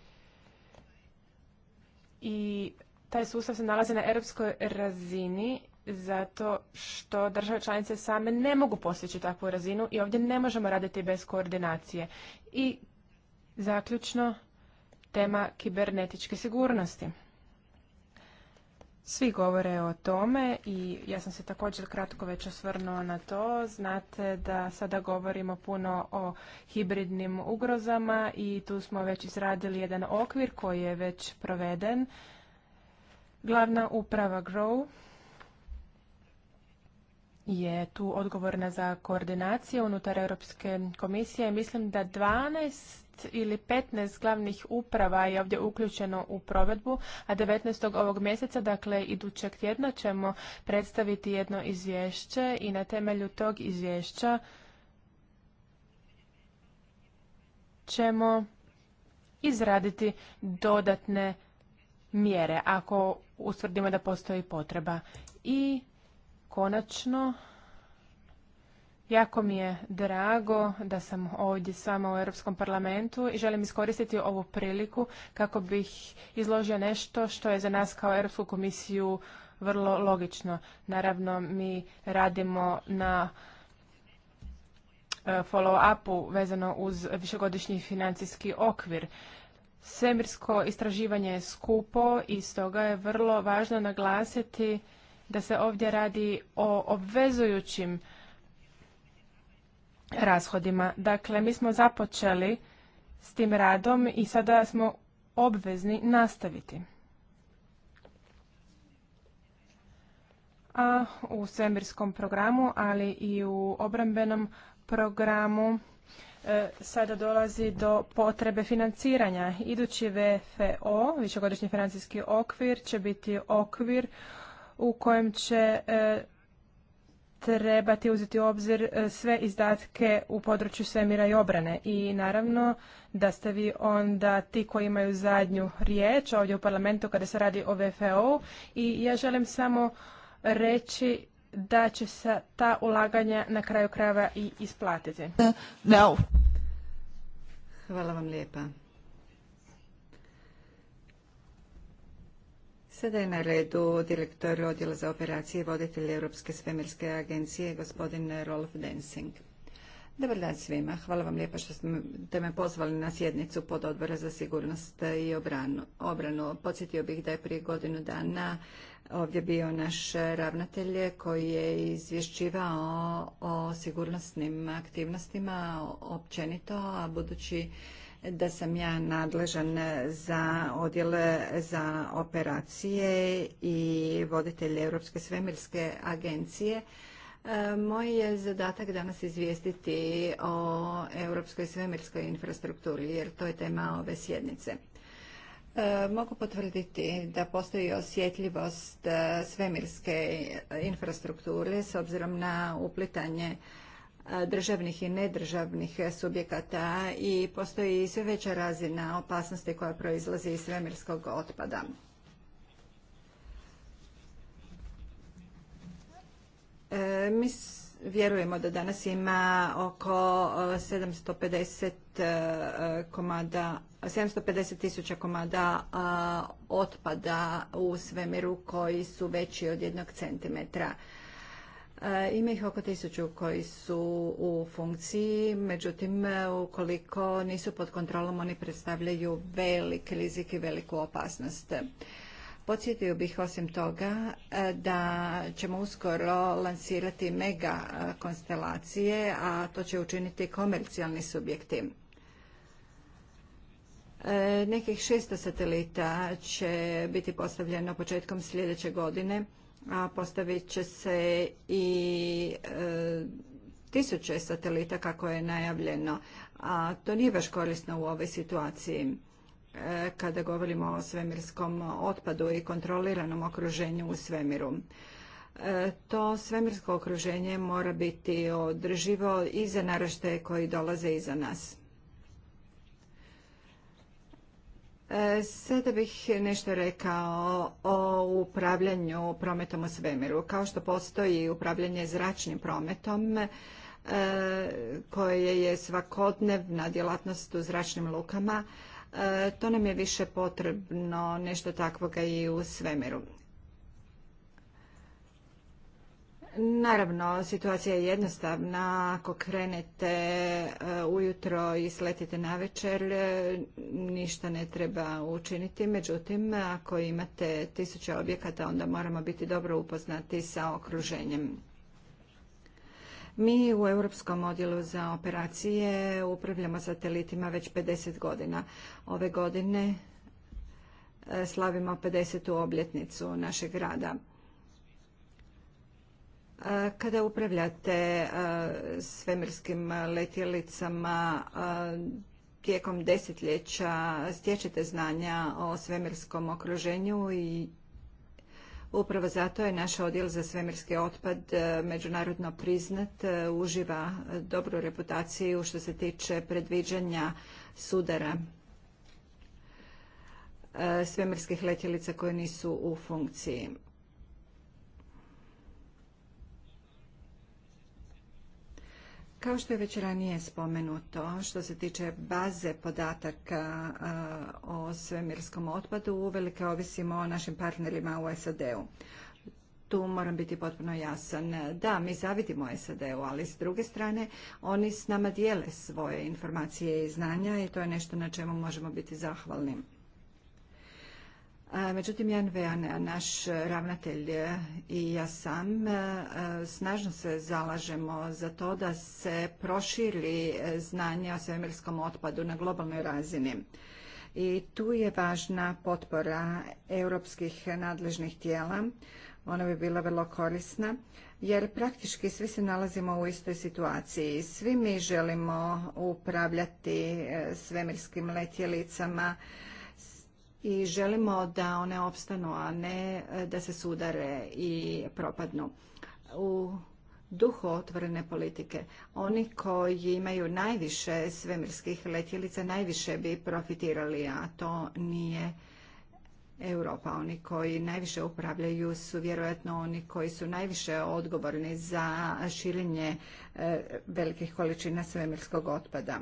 i taj sustav se nalazi na europskoj razini zato što države članice same ne mogu postići takvu razinu i ovdje ne možemo raditi bez koordinacije. I zaključno tema kibernetičke sigurnosti. Svi govore o tome i ja sam se također kratko već osvrnuo na to. Znate da sada govorimo puno o hibridnim ugrozama i tu smo već izradili jedan okvir koji je već proveden. Glavna uprava GROW je tu odgovorna za koordinaciju unutar Europske komisije. Mislim da 12 ili 15 glavnih uprava je ovdje uključeno u provedbu, a 19. ovog mjeseca, dakle idućeg tjedna, ćemo predstaviti jedno izvješće i na temelju tog izvješća ćemo izraditi dodatne mjere ako utvrdimo da postoji potreba. I konačno Jako mi je drago da sam ovdje sama u Europskom parlamentu i želim iskoristiti ovu priliku kako bih izložio nešto što je za nas kao Europsku komisiju vrlo logično. Naravno, mi radimo na e, follow-upu vezano uz višegodišnji financijski okvir. Svemirsko istraživanje je skupo i stoga je vrlo važno naglasiti da se ovdje radi o obvezujućim rashodima. Dakle, mi smo započeli s tim radom i sada smo obvezni nastaviti. A u svemirskom programu, ali i u obrambenom programu e, sada dolazi do potrebe financiranja. Idući VFO, višegodišnji financijski okvir, će biti okvir u kojem će e, trebati uzeti u obzir e, sve izdatke u području svemira i obrane. I naravno da ste vi onda ti koji imaju zadnju riječ ovdje u parlamentu kada se radi o VFO i ja želim samo reći da će se ta ulaganja na kraju krajeva i isplatiti. Hvala vam lijepa. Sada je na redu direktor odjela za operacije i voditelj Europske svemirske agencije, gospodin Rolf Densing. Dobar dan svima. Hvala vam lijepa što ste me pozvali na sjednicu pod odbora za sigurnost i obranu. obranu. Podsjetio bih da je prije godinu dana ovdje bio naš ravnatelj koji je izvješćivao o sigurnosnim aktivnostima općenito, a budući da sam ja nadležan za odjel za operacije i voditelj Europske svemirske agencije. E, moj je zadatak danas izvijestiti o europskoj svemirskoj infrastrukturi, jer to je tema ove sjednice. E, mogu potvrditi da postoji osjetljivost svemirske infrastrukture s obzirom na uplitanje državnih i nedržavnih subjekata i postoji sve veća razina opasnosti koja proizlazi iz svemirskog otpada. E, mi vjerujemo da danas ima oko 750 e, e, tisuća komada otpada u svemiru koji su veći od jednog centimetra. E, ima ih oko tisuću koji su u funkciji, međutim e, ukoliko nisu pod kontrolom oni predstavljaju velik rizik i veliku opasnost. Podsjetio bih osim toga e, da ćemo uskoro lansirati mega konstelacije, a to će učiniti komercijalni subjekti. Nekih 600 satelita će biti postavljeno početkom sljedeće godine a postavit će se i e, tisuće satelita kako je najavljeno, a to nije baš korisno u ovoj situaciji e, kada govorimo o svemirskom otpadu i kontroliranom okruženju u svemiru. E, to svemirsko okruženje mora biti održivo i za naraštaje koji dolaze iza nas. Sada bih nešto rekao o upravljanju prometom u svemiru. Kao što postoji upravljanje zračnim prometom, e, koje je svakodnevna djelatnost u zračnim lukama, e, to nam je više potrebno nešto takvoga i u svemiru. Naravno, situacija je jednostavna. Ako krenete e, ujutro i sletite na večer, e, ništa ne treba učiniti. Međutim, ako imate tisuće objekata, onda moramo biti dobro upoznati sa okruženjem. Mi u Europskom odjelu za operacije upravljamo satelitima već 50 godina. Ove godine e, slavimo 50. obljetnicu našeg rada. Kada upravljate svemirskim letjelicama tijekom desetljeća stječete znanja o svemirskom okruženju i upravo zato je naš odjel za svemirski otpad e, međunarodno priznat, e, uživa dobru reputaciju što se tiče predviđanja sudara e, svemirskih letjelica koje nisu u funkciji. Kao što je već ranije spomenuto, što se tiče baze podataka o svemirskom otpadu, uvelike ovisimo o našim partnerima u SAD-u. Tu moram biti potpuno jasan. Da, mi zavidimo SAD-u, ali s druge strane oni s nama dijele svoje informacije i znanja i to je nešto na čemu možemo biti zahvalni. Međutim, Jan Vean, naš ravnatelj e, i ja sam e, snažno se zalažemo za to da se proširi e, znanje o svemirskom otpadu na globalnoj razini. I tu je važna potpora europskih nadležnih tijela. Ona bi bila vrlo korisna jer praktički svi se nalazimo u istoj situaciji. Svi mi želimo upravljati svemirskim letjelicama, i želimo da one opstanu, a ne e, da se sudare i propadnu. U duhu otvorene politike. Oni koji imaju najviše svemirskih letjelica najviše bi profitirali, a to nije Europa. Oni koji najviše upravljaju su vjerojatno oni koji su najviše odgovorni za širenje e, velikih količina svemirskog otpada.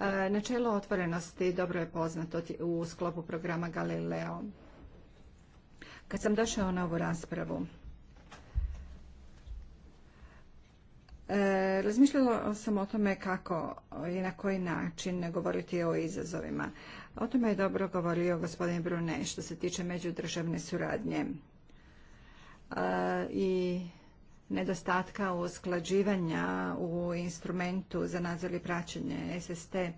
E, načelo otvorenosti dobro je poznato u sklopu programa Galileo. Kad sam došao na ovu raspravu, e, razmišljala sam o tome kako i na koji način govoriti o izazovima. O tome je dobro govorio gospodin Brune što se tiče međudržavne suradnje. E, I nedostatka usklađivanja u instrumentu za nadzor i praćenje SST e,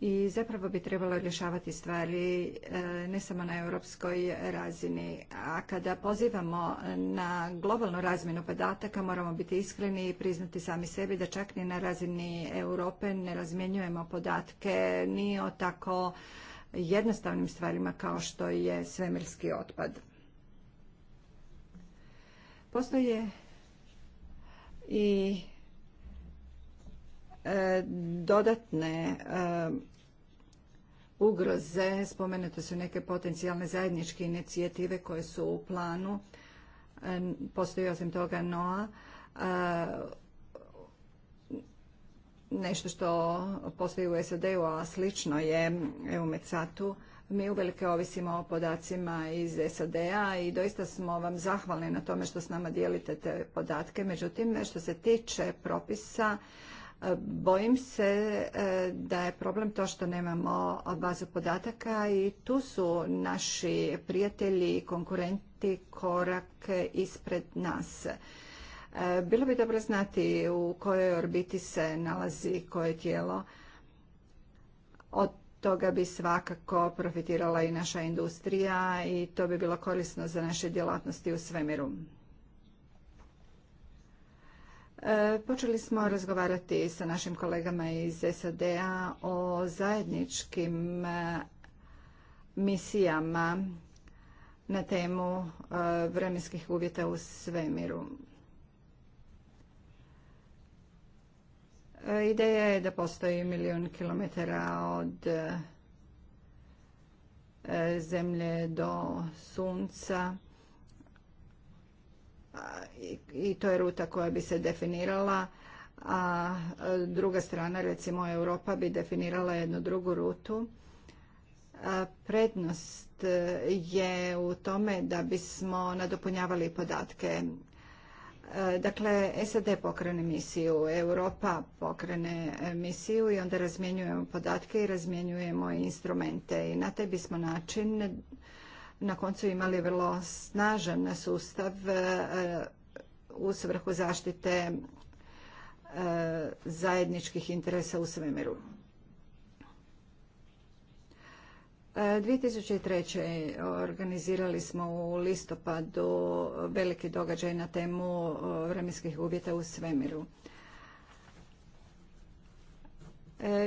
i zapravo bi trebalo rješavati stvari e, ne samo na europskoj razini. A kada pozivamo na globalnu razmjenu podataka moramo biti iskreni i priznati sami sebi da čak ni na razini Europe ne razmjenjujemo podatke ni o tako jednostavnim stvarima kao što je svemirski otpad. Postoje i e, dodatne e, ugroze, spomenute su neke potencijalne zajedničke inicijative koje su u planu, e, postoji osim toga NOA, nešto što postoji u SAD-u, a slično je u Mecatu, mi uvelike ovisimo o podacima iz SAD-a i doista smo vam zahvalni na tome što s nama dijelite te podatke. Međutim, što se tiče propisa, e, Bojim se e, da je problem to što nemamo bazu podataka i tu su naši prijatelji i konkurenti korak ispred nas. E, bilo bi dobro znati u kojoj orbiti se nalazi koje tijelo. Od toga bi svakako profitirala i naša industrija i to bi bilo korisno za naše djelatnosti u svemiru. E, počeli smo razgovarati sa našim kolegama iz SAD-a o zajedničkim e, misijama na temu e, vremenskih uvjeta u svemiru. E, ideja je da postoji milijun kilometara od e, zemlje do sunca i to je ruta koja bi se definirala, a e, druga strana, recimo Europa, bi definirala jednu drugu rutu. Prednost je u tome da bismo nadopunjavali podatke E, dakle, SAD pokrene misiju, Europa pokrene e, misiju i onda razmjenjujemo podatke i razmjenjujemo instrumente. I na taj bismo način na koncu imali vrlo snažan sustav e, u svrhu zaštite zajedničkih interesa u svemiru. 2003. E, e, organizirali smo u listopadu veliki događaj na temu e, vremenskih uvjeta u svemiru.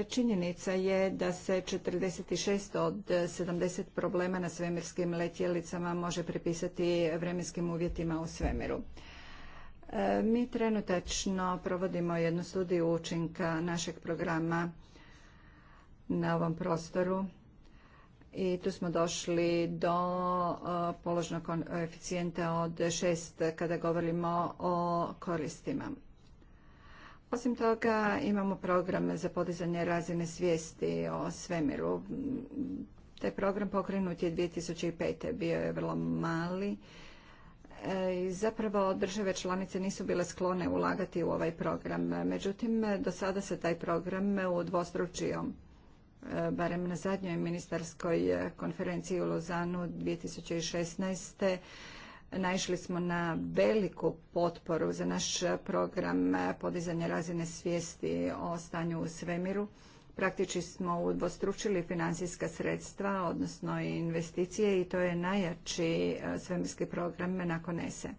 Činjenica je da se 46 od 70 problema na svemirskim letjelicama može pripisati vremenskim uvjetima u svemiru. Mi trenutačno provodimo jednu studiju učinka našeg programa na ovom prostoru i tu smo došli do e, položnog koeficijenta od 6 kada govorimo o koristima. Osim toga imamo program za podizanje razine svijesti o svemiru. Taj program pokrenut je 2005. bio je vrlo mali e, i zapravo države članice nisu bile sklone ulagati u ovaj program. Međutim, do sada se taj program udvostručio. E, barem na zadnjoj ministarskoj e, konferenciji u Lozanu 2016. Naišli smo na veliku potporu za naš program e, podizanja razine svijesti o stanju u svemiru. Praktički smo udvostručili financijska sredstva, odnosno investicije i to je najjači svemirski program nakon ESE.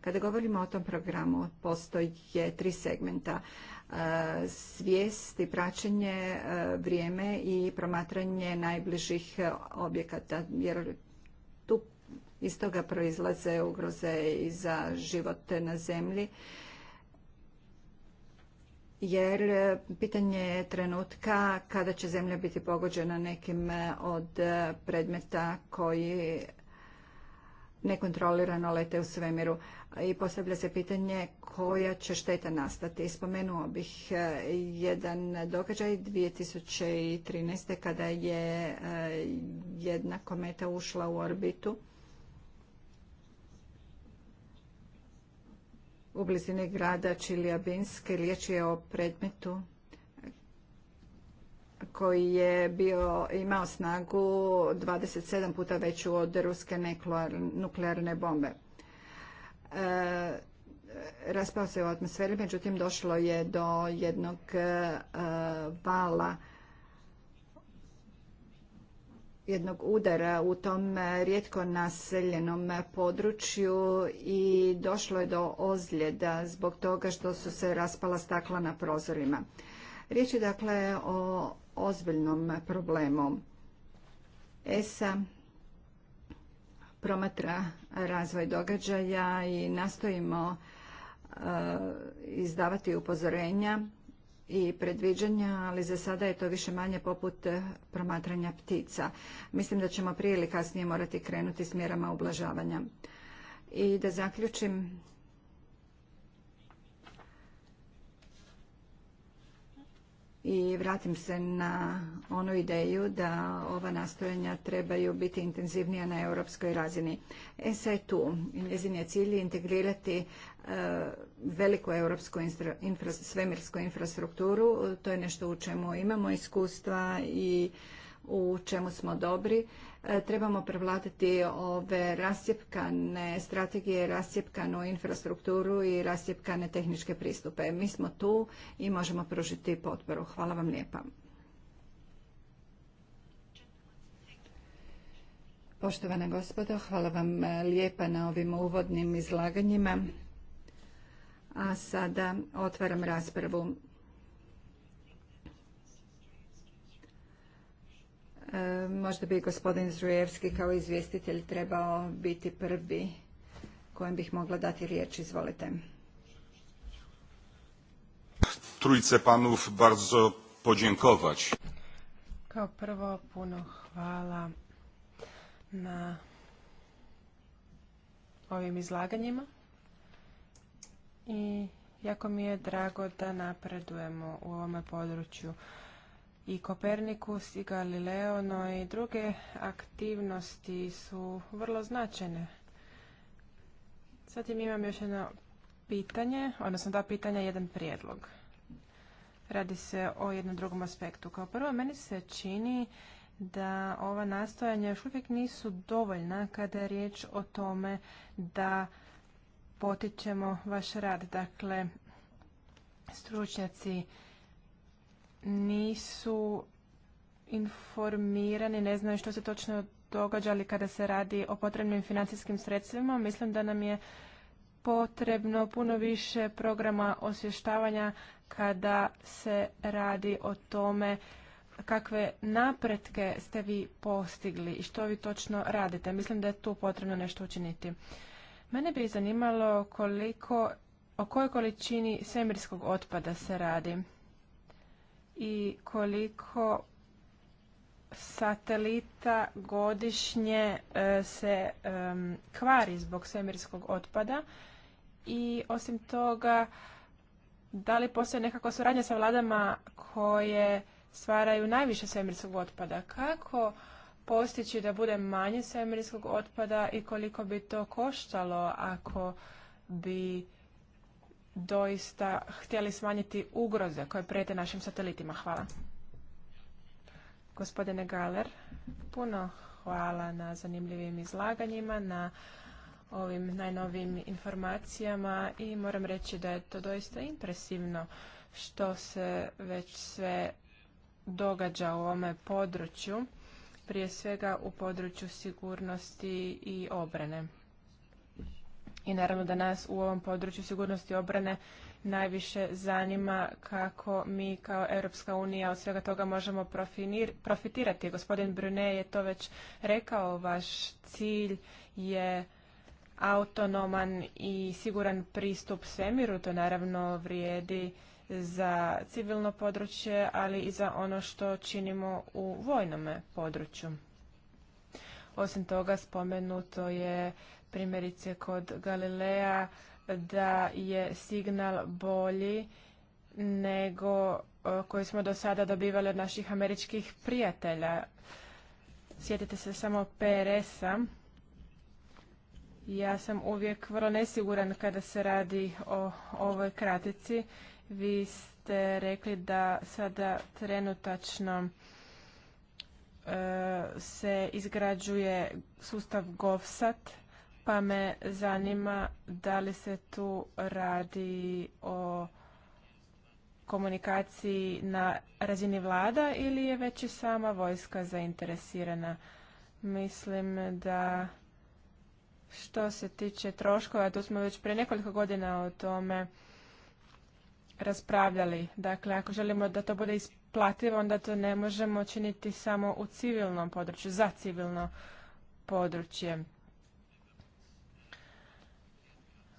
Kada govorimo o tom programu, postoje tri segmenta svijest i praćenje e, vrijeme i promatranje najbližih e, objekata jer tu iz toga proizlaze ugroze i za život na zemlji jer e, pitanje je trenutka kada će zemlja biti pogođena nekim od predmeta koji nekontrolirano lete u svemiru i postavlja se pitanje koja će šteta nastati. Spomenuo bih e, jedan događaj 2013. kada je e, jedna kometa ušla u orbitu u blizini grada čilijabinske Riječ je o predmetu koji je bio, imao snagu 27 puta veću od ruske nuklearne bombe. E, raspao se u atmosferi, međutim došlo je do jednog e, vala jednog udara u tom rijetko naseljenom području i došlo je do ozljeda zbog toga što su se raspala stakla na prozorima. Riječ je dakle o ozbiljnom problemom ESA promatra razvoj događaja i nastojimo eh, izdavati upozorenja i predviđanja, ali za sada je to više manje poput promatranja ptica. Mislim da ćemo prije ili kasnije morati krenuti s mjerama ublažavanja. I da zaključim, i vratim se na onu ideju da ova nastojanja trebaju biti intenzivnija na europskoj razini. ESA je tu. Njezin je cilj integrirati e, veliku europsku svemirsku infrastrukturu. To je nešto u čemu imamo iskustva i u čemu smo dobri E, trebamo prevladati ove rasjepkane strategije, rasjepkanu infrastrukturu i rasjepkane tehničke pristupe. Mi smo tu i možemo pružiti potporu. Hvala vam lijepa. Poštovana gospodo, hvala vam e, lijepa na ovim uvodnim izlaganjima. A sada otvaram raspravu. Možda bi gospodin Zrujevski kao izvjestitelj trebao biti prvi kojem bih mogla dati riječ. Izvolite. bardzo podziękować. Kao prvo puno hvala na ovim izlaganjima i jako mi je drago da napredujemo u ovome području i Kopernikus i Galileo, no i druge aktivnosti su vrlo značajne. Zatim imam još jedno pitanje, odnosno dva pitanja, jedan prijedlog. Radi se o jednom drugom aspektu. Kao prvo, meni se čini da ova nastojanja još uvijek nisu dovoljna kada je riječ o tome da potičemo vaš rad. Dakle, stručnjaci nisu informirani, ne znaju što se točno događa, ali kada se radi o potrebnim financijskim sredstvima, mislim da nam je potrebno puno više programa osvještavanja kada se radi o tome kakve napretke ste vi postigli i što vi točno radite. Mislim da je tu potrebno nešto učiniti. Mene bi zanimalo koliko, o kojoj količini svemirskog otpada se radi i koliko satelita godišnje e, se e, kvari zbog svemirskog otpada i osim toga da li postoje nekako suradnja sa vladama koje stvaraju najviše svemirskog otpada? Kako postići da bude manje svemirskog otpada i koliko bi to koštalo ako bi doista htjeli smanjiti ugroze koje prijete našim satelitima. Hvala. Gospodine Galer, puno hvala na zanimljivim izlaganjima, na ovim najnovim informacijama i moram reći da je to doista impresivno što se već sve događa u ovome području, prije svega u području sigurnosti i obrane. I naravno da nas u ovom području sigurnosti obrane najviše zanima kako mi kao Europska unija od svega toga možemo profitirati. Gospodin Brune je to već rekao, vaš cilj je autonoman i siguran pristup svemiru, to naravno vrijedi za civilno područje, ali i za ono što činimo u vojnom području. Osim toga, spomenuto je primjerice kod Galilea da je signal bolji nego e, koji smo do sada dobivali od naših američkih prijatelja. Sjetite se samo PRS-a. Ja sam uvijek vrlo nesiguran kada se radi o ovoj kratici. Vi ste rekli da sada trenutačno e, se izgrađuje sustav GovSat pa me zanima da li se tu radi o komunikaciji na razini vlada ili je već i sama vojska zainteresirana. Mislim da što se tiče troškova, tu smo već pre nekoliko godina o tome raspravljali. Dakle, ako želimo da to bude isplativo, onda to ne možemo činiti samo u civilnom području, za civilno područje.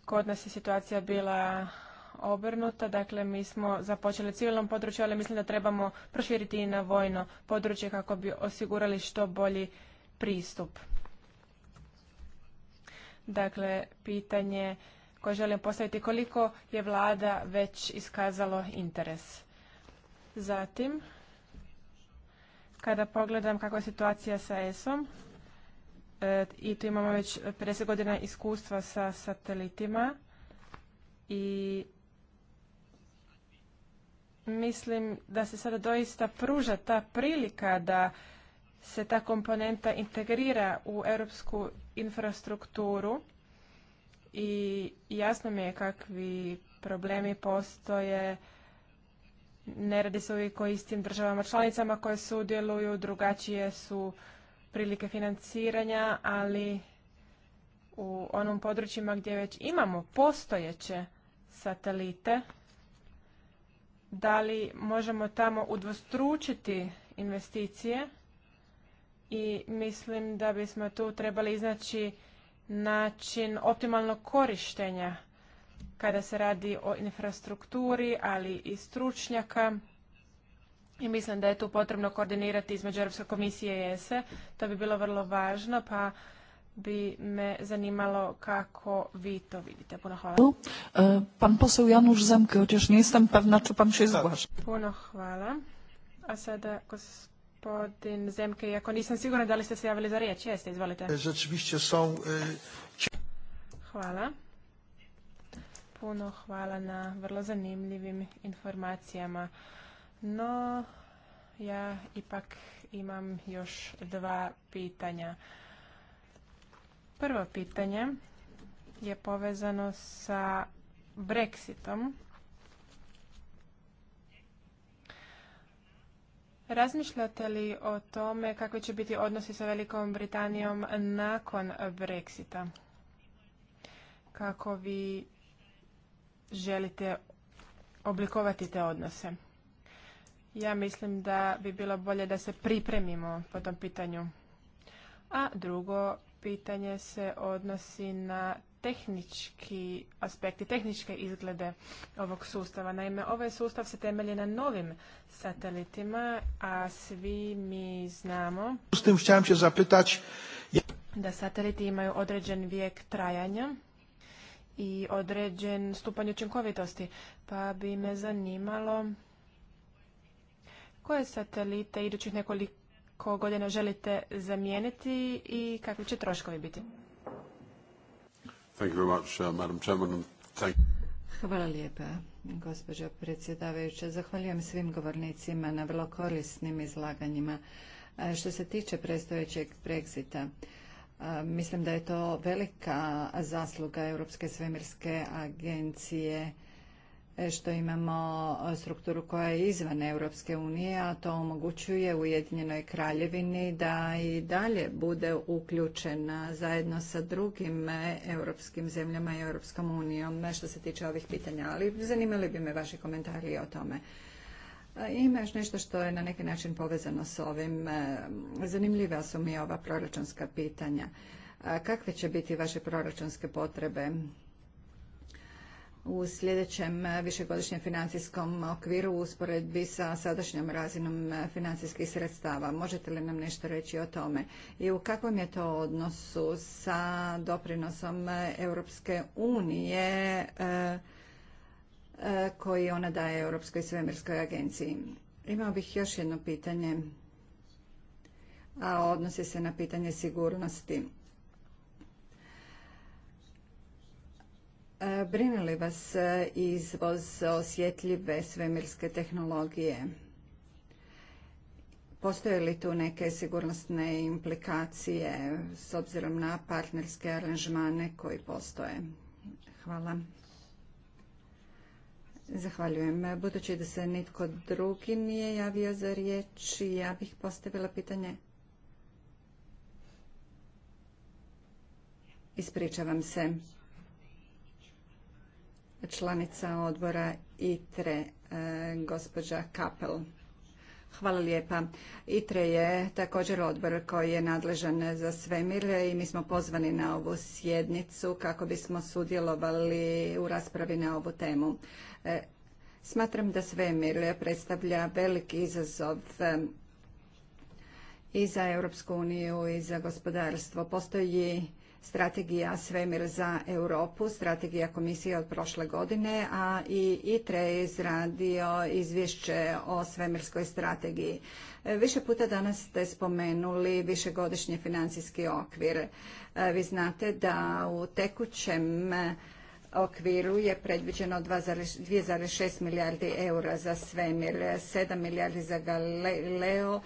Kod nas je situacija bila obrnuta, dakle mi smo započeli civilnom području, ali mislim da trebamo proširiti i na vojno područje kako bi osigurali što bolji pristup. Dakle, pitanje koje želim postaviti koliko je vlada već iskazalo interes. Zatim, kada pogledam kakva je situacija sa ESOM, E, i tu imamo već 50 godina iskustva sa satelitima i mislim da se sada doista pruža ta prilika da se ta komponenta integrira u europsku infrastrukturu i jasno mi je kakvi problemi postoje. Ne radi se uvijek o istim državama članicama koje sudjeluju, drugačije su prilike financiranja, ali u onom područjima gdje već imamo postojeće satelite, da li možemo tamo udvostručiti investicije i mislim da bismo tu trebali iznaći način optimalnog korištenja kada se radi o infrastrukturi, ali i stručnjaka i mislim da je tu potrebno koordinirati između Europske komisije i ESE. To bi bilo vrlo važno, pa bi me zanimalo kako vi to vidite. Puno hvala. E, pan poseł Janusz Zemke, otiš nisam pevna, pewna, pan się zgłasza. Puno hvala. A sada gospodin Zemke, iako nisam sigurna da li ste se javili za riječ. Jeste, izvolite. E, rzeczywiście są... E, hvala. Puno hvala na vrlo zanimljivim informacijama. No, ja ipak imam još dva pitanja. Prvo pitanje je povezano sa Brexitom. Razmišljate li o tome kakvi će biti odnosi sa Velikom Britanijom nakon Brexita? Kako vi želite oblikovati te odnose? Ja mislim da bi bilo bolje da se pripremimo po tom pitanju. A drugo pitanje se odnosi na tehnički aspekti, tehničke izglede ovog sustava. Naime, ovaj sustav se temelji na novim satelitima, a svi mi znamo da sateliti imaju određen vijek trajanja i određen stupanj učinkovitosti. Pa bi me zanimalo koje satelite idućih nekoliko godina želite zamijeniti i kakvi će troškovi biti? Uh, Hvala lijepa, gospođo predsjedavajuća. Zahvaljujem svim govornicima na vrlo korisnim izlaganjima. E, što se tiče predstojećeg Brexita, e, mislim da je to velika zasluga Europske svemirske agencije E, što imamo e, strukturu koja je izvan Europske unije, a to omogućuje Ujedinjenoj kraljevini da i dalje bude uključena zajedno sa drugim e, europskim zemljama i Europskom unijom što se tiče ovih pitanja, ali zanimali bi me vaši komentari o tome. Ima još nešto što je na neki način povezano s ovim. Zanimljiva su mi ova proračunska pitanja. Kakve će biti vaše proračunske potrebe? u sljedećem eh, višegodišnjem financijskom okviru u usporedbi sa sadašnjom razinom eh, financijskih sredstava. Možete li nam nešto reći o tome? I u kakvom je to odnosu sa doprinosom eh, Europske unije koji ona daje Europskoj svemirskoj agenciji? Imao bih još jedno pitanje, a odnosi se na pitanje sigurnosti. E, Brine li vas e, izvoz osjetljive svemirske tehnologije? Postoje li tu neke sigurnosne implikacije s obzirom na partnerske aranžmane koji postoje? Hvala. Zahvaljujem. Budući da se nitko drugi nije javio za riječ, ja bih postavila pitanje. Ispričavam se članica odbora ITRE, e, gospođa Kapel. Hvala lijepa. ITRE je također odbor koji je nadležan za svemir i mi smo pozvani na ovu sjednicu kako bismo sudjelovali u raspravi na ovu temu. E, smatram da svemir predstavlja veliki izazov e, i za Europsku uniju i za gospodarstvo. Postoji strategija Svemir za Europu, strategija komisije od prošle godine, a i ITRE je izradio izvješće o svemirskoj strategiji. Više puta danas ste spomenuli višegodišnji financijski okvir. E, vi znate da u tekućem okviru je predviđeno 2,6 milijardi eura za svemir, 7 milijardi za Galileo,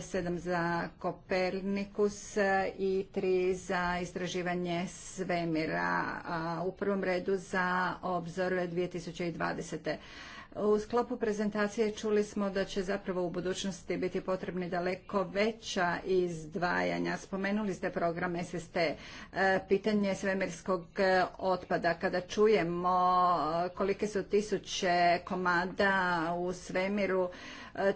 sedam za Kopernikus i tri za istraživanje svemira, u prvom redu za obzor 2020. U sklopu prezentacije čuli smo da će zapravo u budućnosti biti potrebni daleko veća izdvajanja. Spomenuli ste program SST, e, pitanje svemirskog e, otpada. Kada čujemo e, kolike su tisuće komada u svemiru,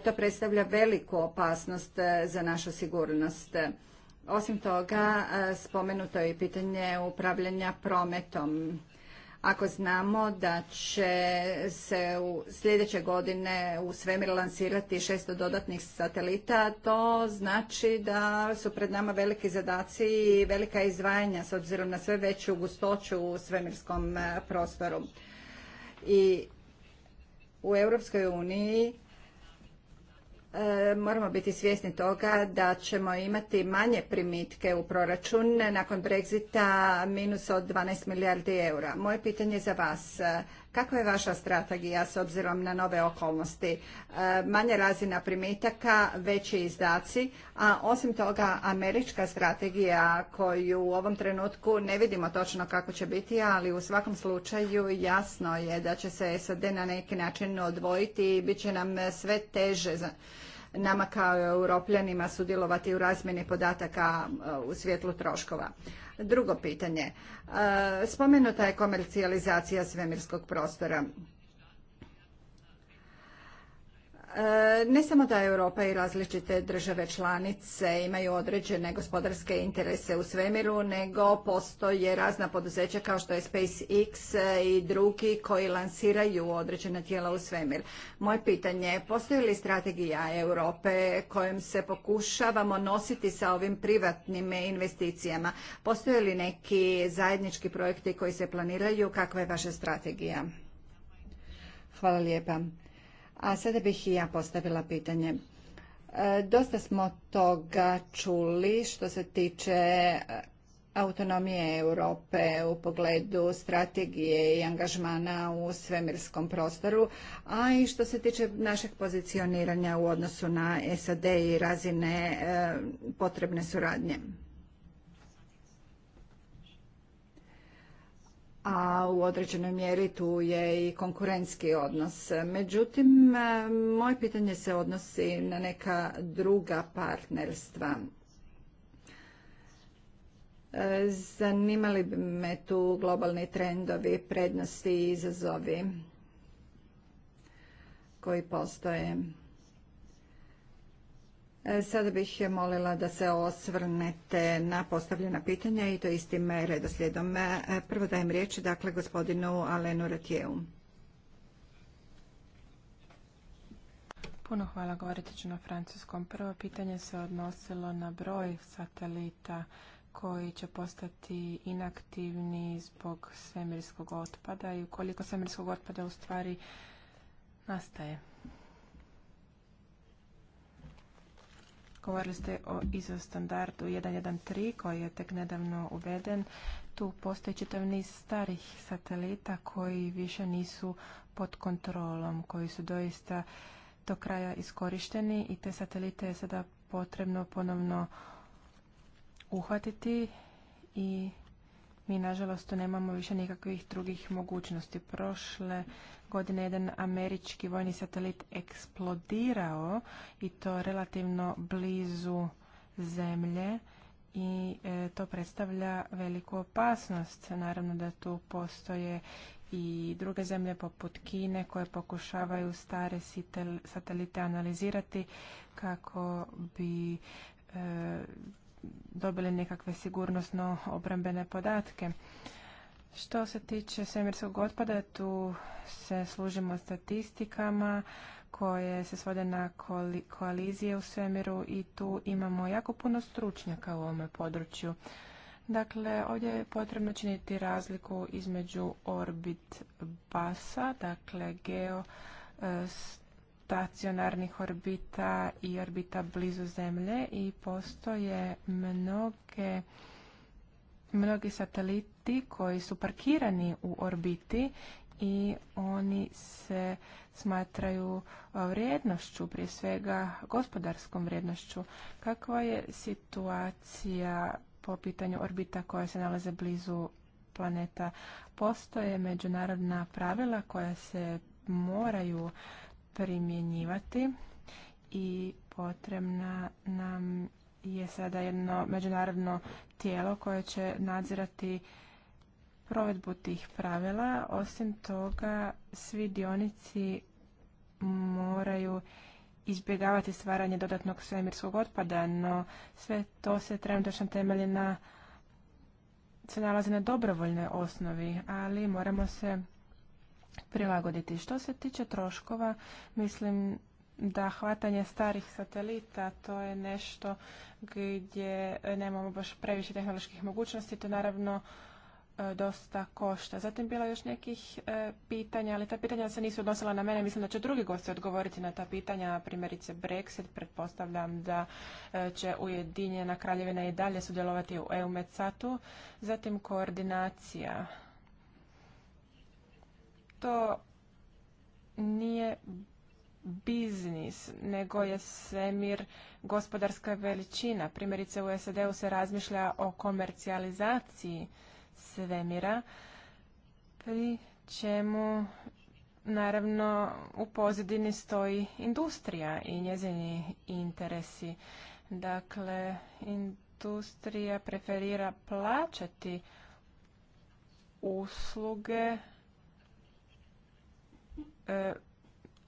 to predstavlja veliku opasnost za našu sigurnost. Osim toga, spomenuto je i pitanje upravljanja prometom ako znamo da će se u sljedeće godine u svemir lansirati 600 dodatnih satelita, to znači da su pred nama veliki zadaci i velika izdvajanja s obzirom na sve veću gustoću u svemirskom e, prostoru. I u Europskoj uniji E, moramo biti svjesni toga da ćemo imati manje primitke u proračun nakon Brexita minus od 12 milijardi eura. Moje pitanje za vas Kakva je vaša strategija s obzirom na nove okolnosti? E, manja razina primitaka, veći izdaci, a osim toga američka strategija koju u ovom trenutku ne vidimo točno kako će biti, ali u svakom slučaju jasno je da će se SAD na neki način odvojiti i bit će nam sve teže nama kao europljanima sudjelovati u razmjeni podataka uh, u svjetlu troškova. Drugo pitanje. Uh, spomenuta je komercijalizacija svemirskog prostora. E, ne samo da Europa i različite države članice imaju određene gospodarske interese u svemiru, nego postoje razna poduzeća kao što je SpaceX i drugi koji lansiraju određena tijela u svemir. Moje pitanje je, postoji li strategija Europe kojom se pokušavamo nositi sa ovim privatnim investicijama? Postoje li neki zajednički projekti koji se planiraju? Kakva je vaša strategija? Hvala lijepa. A sada bih i ja postavila pitanje. E, dosta smo toga čuli što se tiče e, autonomije Europe u pogledu strategije i angažmana u svemirskom prostoru, a i što se tiče našeg pozicioniranja u odnosu na SAD i razine e, potrebne suradnje. a u određenoj mjeri tu je i konkurentski odnos. Međutim, e, moje pitanje se odnosi na neka druga partnerstva. E, zanimali bi me tu globalni trendovi, prednosti i izazovi koji postoje. E, sada bih molila da se osvrnete na postavljena pitanja i to istim redoslijedom. E, prvo dajem riječ dakle gospodinu Alenu Ratijevu. Puno hvala, govorit ću na francuskom. Prvo pitanje se odnosilo na broj satelita koji će postati inaktivni zbog svemirskog otpada i koliko svemirskog otpada u stvari nastaje. Govorili ste o ISO standardu 113 koji je tek nedavno uveden. Tu postoji čitav niz starih satelita koji više nisu pod kontrolom, koji su doista do kraja iskorišteni i te satelite je sada potrebno ponovno uhvatiti i mi nažalost tu nemamo više nikakvih drugih mogućnosti. Prošle godine jedan američki vojni satelit eksplodirao i to relativno blizu zemlje i e, to predstavlja veliku opasnost. Naravno da tu postoje i druge zemlje poput Kine koje pokušavaju stare satelite analizirati kako bi e, dobili nekakve sigurnosno obrambene podatke. Što se tiče svemirskog otpada, tu se služimo statistikama koje se svode na koalizije u svemiru i tu imamo jako puno stručnjaka u ovome području. Dakle, ovdje je potrebno činiti razliku između orbit basa, dakle geostacionarnih e, orbita i orbita blizu Zemlje i postoje mnoge mnogi sateliti koji su parkirani u orbiti i oni se smatraju e, vrijednošću, prije svega gospodarskom vrijednošću. Kakva je situacija po pitanju orbita koja se nalaze blizu planeta? Postoje međunarodna pravila koja se moraju primjenjivati i potrebna nam je sada jedno međunarodno tijelo koje će nadzirati provedbu tih pravila. Osim toga, svi dionici moraju izbjegavati stvaranje dodatnog svemirskog otpada, no sve to se trenutačno temelji na se nalazi na dobrovoljnoj osnovi, ali moramo se prilagoditi. Što se tiče troškova, mislim da hvatanje starih satelita to je nešto gdje nemamo baš previše tehnoloških mogućnosti, to naravno e, dosta košta. Zatim bilo još nekih e, pitanja, ali ta pitanja se nisu odnosila na mene. Mislim da će drugi gosti odgovoriti na ta pitanja, primjerice Brexit. Pretpostavljam da e, će Ujedinjena kraljevina i dalje sudjelovati u eu u Zatim koordinacija. To nije biznis, nego je svemir gospodarska veličina. Primjerice u SAD-u se razmišlja o komercijalizaciji svemira, pri čemu naravno u pozadini stoji industrija i njezini interesi. Dakle, industrija preferira plaćati usluge e,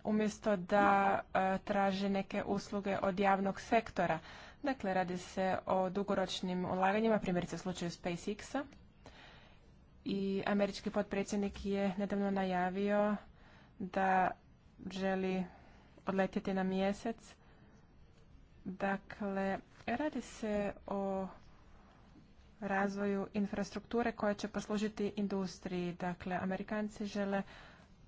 umjesto da e, traže neke usluge od javnog sektora. Dakle, radi se o dugoročnim ulaganjima, primjerice u slučaju SpaceX-a. I američki potpredsjednik je nedavno najavio da želi odletjeti na mjesec. Dakle, radi se o razvoju infrastrukture koja će poslužiti industriji. Dakle, Amerikanci žele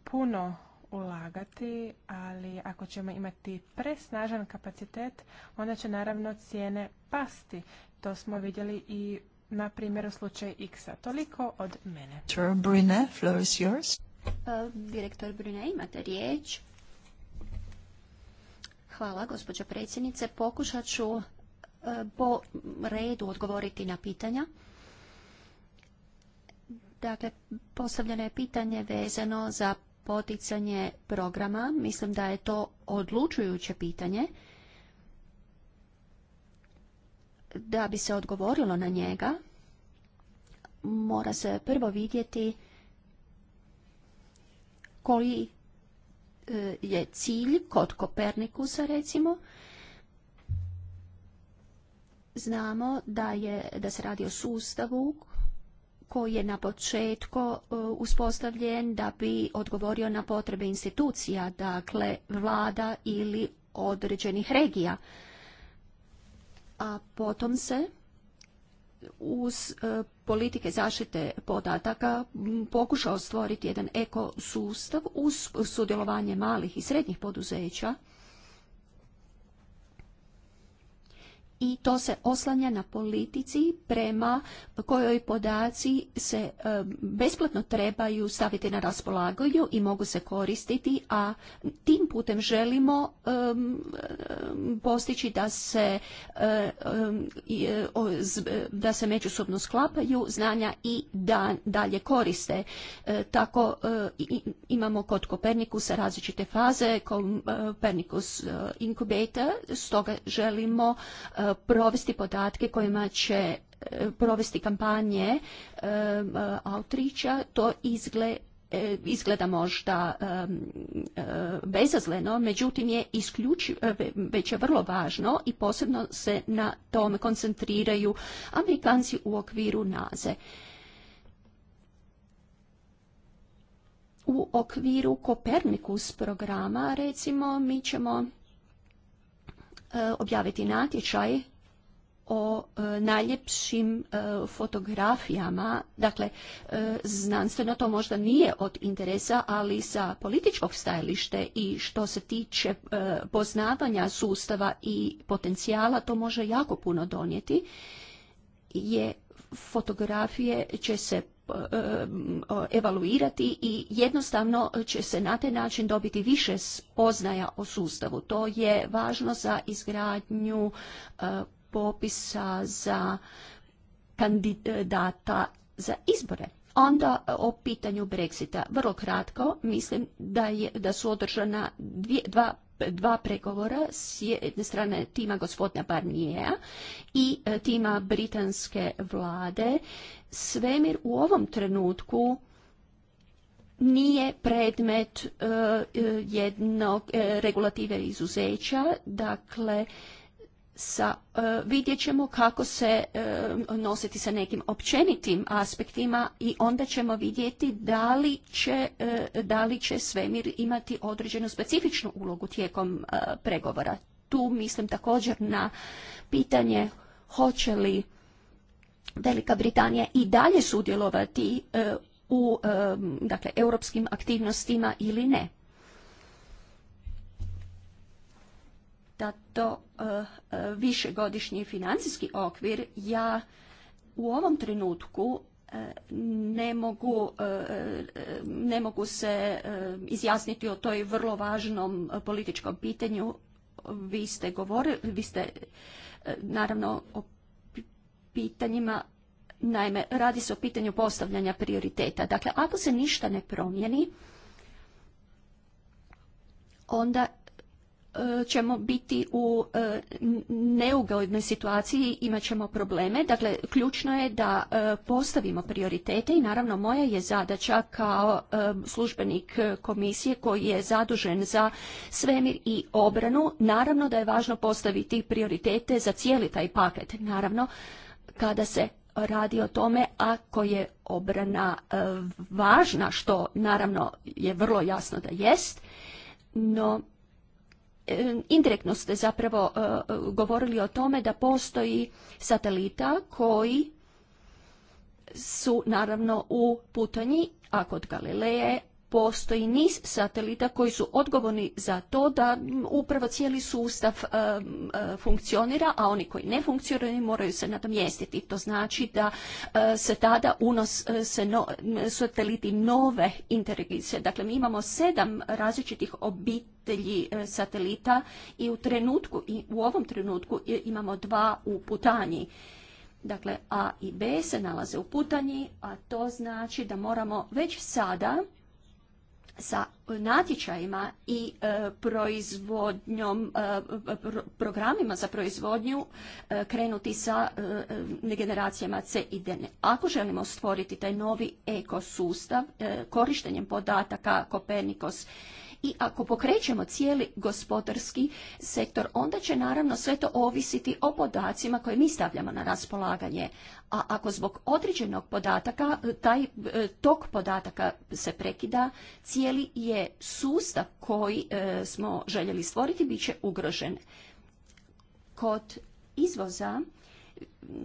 puno ulagati, ali ako ćemo imati presnažan kapacitet, onda će naravno cijene pasti. To smo vidjeli i na primjeru slučaj X-a. Toliko od mene. Brune, pa, Direktor Brune, imate riječ. Hvala, gospođo predsjednice. Pokušat ću e, po redu odgovoriti na pitanja. Dakle, postavljeno je pitanje vezano za poticanje programa. Mislim da je to odlučujuće pitanje da bi se odgovorilo na njega, mora se prvo vidjeti koji e, je cilj kod Kopernikusa recimo. Znamo da, je, da se radi o sustavu koji je na početku e, uspostavljen da bi odgovorio na potrebe institucija, dakle vlada ili određenih regija. A potom se uz e, politike zaštite podataka pokušao stvoriti jedan ekosustav uz sudjelovanje malih i srednjih poduzeća i to se oslanja na politici prema kojoj podaci se e, besplatno trebaju staviti na raspolaganju i mogu se koristiti, a tim putem želimo postići da se, e, e, da se međusobno sklapaju znanja i da dalje koriste. Tako imamo kod Kopernikusa različite faze, Kopernikus incubator, stoga želimo provesti podatke kojima će e, provesti kampanje autrića. E, e, to izgleda izgleda možda bezazleno, međutim je isključivo, već je vrlo važno i posebno se na tome koncentriraju Amerikanci u okviru naze. U okviru Kopernikus programa, recimo, mi ćemo E, objaviti natječaj o e, najljepšim e, fotografijama. Dakle, znanstveno to možda nije od interesa, ali sa političkog stajalište i što se tiče poznavanja sustava i potencijala, to može jako puno donijeti. Je fotografije će se Eh, eh, evaluirati i jednostavno će se na taj način dobiti više spoznaja o sustavu. To je važno za izgradnju eh, popisa za kandidata za izbore. Onda o pitanju Brexita. Vrlo kratko, mislim da, je, da su održana dva dva pregovora s jedne strane tima gospodina Barnijeja i e, tima britanske vlade. Svemir u ovom trenutku nije predmet e, e, jednog regulative izuzeća, dakle sa, e, vidjet ćemo kako se e, nositi sa nekim općenitim aspektima i onda ćemo vidjeti da li će, e, da li će svemir imati određenu specifičnu ulogu tijekom pregovora. Tu mislim također na pitanje hoće li Velika Britanija i dalje sudjelovati u dakle, europskim aktivnostima ili ne. da to eh, eh, višegodišnji financijski okvir ja u ovom trenutku eh, ne mogu, ne mogu se izjasniti o toj vrlo važnom političkom pitanju. Vi ste govorili, vi ste naravno o pitanjima, naime radi se o pitanju postavljanja prioriteta. Dakle, ako se ništa ne promijeni, onda ćemo biti u e, neugodnoj situaciji, imat ćemo probleme. Dakle, ključno je da e, postavimo prioritete i naravno moja je zadaća kao e, službenik komisije koji je zadužen za svemir i obranu. Naravno da je važno postaviti prioritete za cijeli taj paket. Naravno, kada se radi o tome ako je obrana važna, što naravno je vrlo jasno da jest, no indirektno ste zapravo e, govorili o tome da postoji satelita koji su naravno u putanji, a kod Galileje, postoji niz satelita koji su odgovorni za to da upravo cijeli sustav e, funkcionira, a oni koji ne funkcioniraju moraju se nadomjestiti. To znači da e, se tada unos e, se sateliti nove inteligencije Dakle, mi imamo sedam različitih obitelji satelita i u trenutku i u ovom trenutku imamo dva u putanji. Dakle, A i B se nalaze u putanji, a to znači da moramo već sada sa natječajima i e, proizvodnjom, e, programima za proizvodnju e, krenuti sa generacijama C i D. Ako želimo stvoriti taj novi ekosustav korištenjem podataka Kopernikos i ako pokrećemo cijeli gospodarski sektor, onda će naravno sve to ovisiti o podacima koje mi stavljamo na raspolaganje. A ako zbog određenog podataka, e, taj e, tok podataka se prekida, cijeli je sustav koji e, smo željeli stvoriti bit će ugrožen. Kod izvoza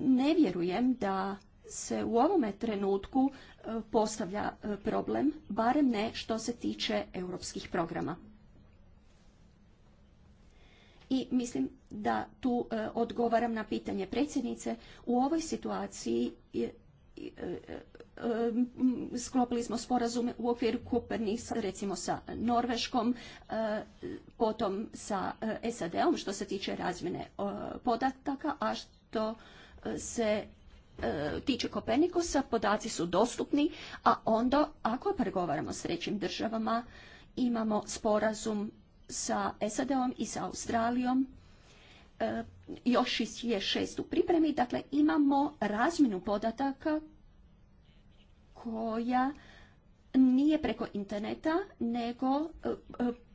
ne vjerujem da se u ovome trenutku e, postavlja e, problem, barem ne što se tiče europskih programa. I mislim da tu e, odgovaram na pitanje predsjednice. U ovoj situaciji sklopili smo sporazume u okviru Kupernis, recimo sa Norveškom, potom sa SAD-om što se tiče razmjene podataka, a što se E, tiče Kopernikusa, podaci su dostupni, a onda ako pregovaramo s trećim državama, imamo sporazum sa SAD-om i sa Australijom, e, još je šest u pripremi, dakle imamo razminu podataka koja nije preko interneta, nego e,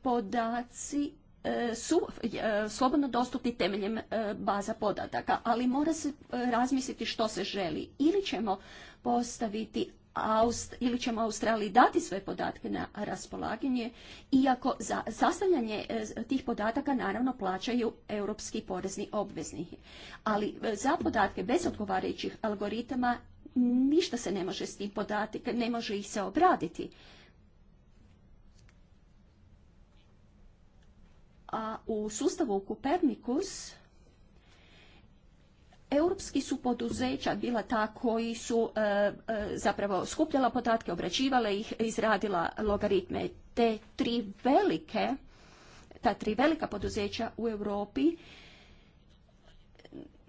podaci E, su e, slobodno dostupni temeljem e, baza podataka, ali mora se razmisliti što se želi. Ili ćemo postaviti Aust, ili ćemo Australiji dati sve podatke na raspolaganje, iako za sastavljanje tih podataka naravno plaćaju europski porezni obveznici. Ali za podatke bez odgovarajućih algoritama ništa se ne može s tim podatke, ne može ih se obraditi. a u sustavu Kupernikus Europski su poduzeća bila ta koji su e, e, zapravo skupljala podatke, obrađivala ih, izradila logaritme. Te tri velike, ta tri velika poduzeća u Europi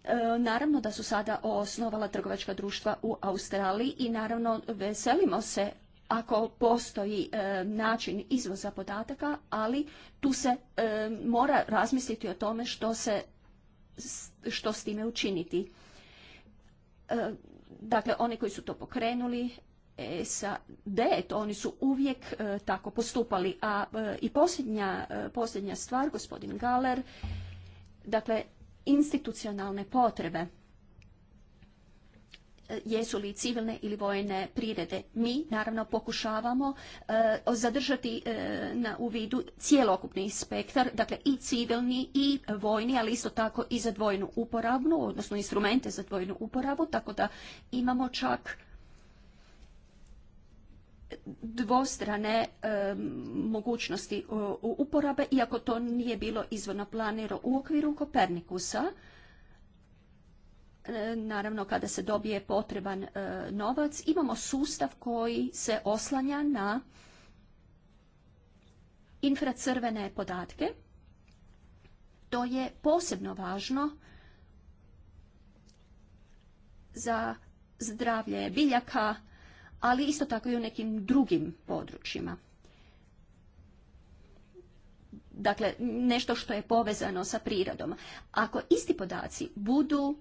e, naravno da su sada osnovala trgovačka društva u Australiji i naravno veselimo se ako postoji e, način izvoza podataka, ali tu se e, mora razmisliti o tome što se što s time učiniti. E, dakle, oni koji su to pokrenuli, sa to oni su uvijek tako postupali. A i posljednja, posljednja stvar, gospodin Galer, dakle, institucionalne potrebe E, jesu li civilne ili vojne prirede. Mi naravno pokušavamo e, zadržati e, na, u vidu cijelokupni spektar, dakle i civilni i vojni, ali isto tako i za dvojnu uporabnu, odnosno instrumente za dvojnu uporabu, tako da imamo čak dvostrane mogućnosti uporabe, iako to nije bilo izvorno planiro u okviru Kopernikusa naravno kada se dobije potreban e, novac. Imamo sustav koji se oslanja na infracrvene podatke. To je posebno važno za zdravlje biljaka, ali isto tako i u nekim drugim područjima. Dakle, nešto što je povezano sa prirodom. Ako isti podaci budu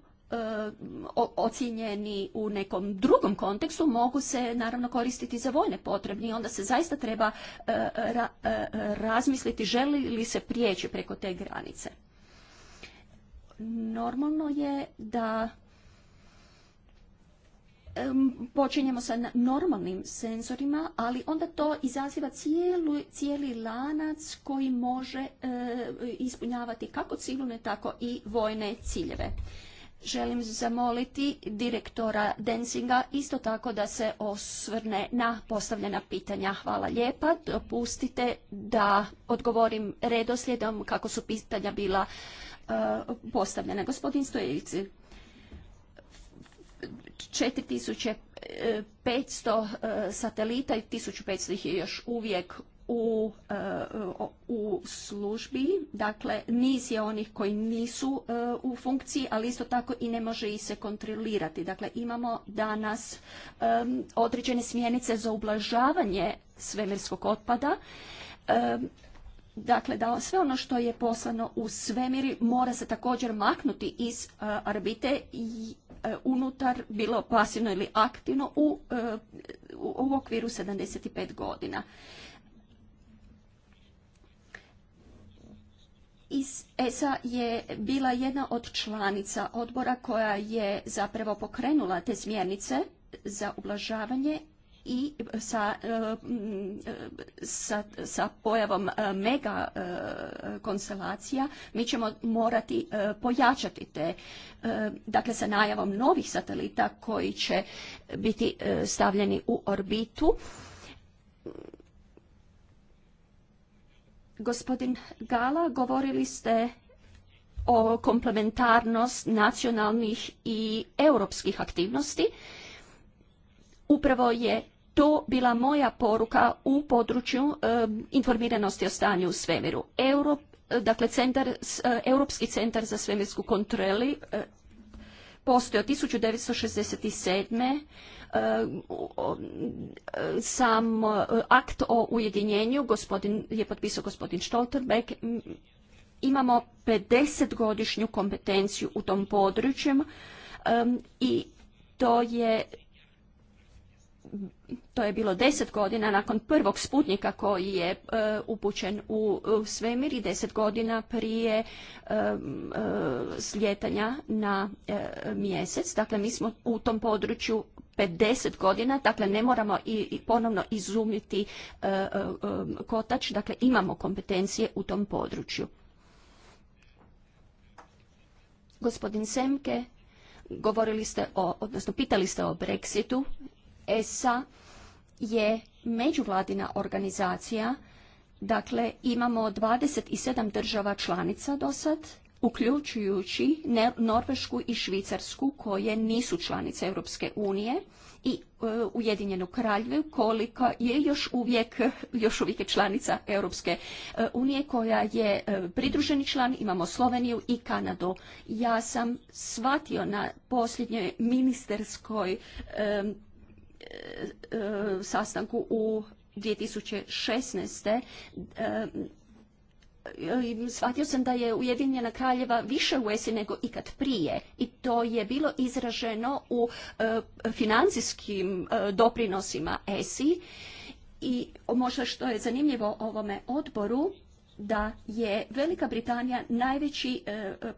ocijenjeni u nekom drugom kontekstu mogu se naravno koristiti za vojne potrebe i onda se zaista treba e, e, razmisliti želi li se prijeći preko te granice. Normalno je da počinjemo sa normalnim senzorima, ali onda to izaziva cijelu, cijeli lanac koji može e, ispunjavati kako civilne, tako i vojne ciljeve. Želim zamoliti direktora Densinga isto tako da se osvrne na postavljena pitanja. Hvala lijepa. Dopustite da odgovorim redoslijedom kako su pitanja bila e, postavljena. Gospodin Stojevici, 4500 e, e, satelita i 1500 ih je još uvijek u, e, u službi, dakle niz je onih koji nisu e, u funkciji, ali isto tako i ne može ih se kontrolirati. Dakle, imamo danas određene smjenice za ublažavanje svemirskog otpada, Dakle, da sve ono što je poslano u svemiri mora se također maknuti iz e, arbite i unutar, bilo pasivno ili aktivno, u, u, u okviru 75 godina. ESA je bila jedna od članica odbora koja je zapravo pokrenula te smjernice za ublažavanje i e, sa, e, e, sa, sa pojavom mega konstelacija mi ćemo morati pojačati te, dakle sa najavom novih satelita koji će biti stavljeni u orbitu Gospodin Gala, govorili ste o komplementarnost nacionalnih i europskih aktivnosti. Upravo je to bila moja poruka u području informiranosti o stanju u svemiru. dakle, e, Europski centar za svemirsku kontroli postoje postoji od 1967 E, e, sam e, akt o ujedinjenju je potpisao gospodin Stoltenberg. Imamo 50-godišnju kompetenciju u tom području i to je to je bilo deset godina nakon prvog sputnika koji je upućen u, svemir i deset godina prije slijetanja na mjesec. Dakle, mi smo u tom području 50 godina, dakle ne moramo i, ponovno izumiti e, e, e, kotač, dakle imamo kompetencije u tom području. Gospodin Semke, govorili ste o, odnosno pitali ste o Brexitu. ESA je međuvladina organizacija, dakle imamo 27 država članica do sad, uključujući Norvešku i Švicarsku koje nisu članice Europske unije i e, Ujedinjenu kraljevu koliko je još uvijek, [LAUGHS] još uvijek je članica Europske e, unije koja je e, pridruženi član, imamo Sloveniju i Kanadu. Ja sam shvatio na posljednjoj ministerskoj sastanku u 2016. E, shvatio sam da je Ujedinjena kraljeva više u ESI nego ikad prije i to je bilo izraženo u e, financijskim e, doprinosima ESI i možda što je zanimljivo ovome odboru da je Velika Britanija najveći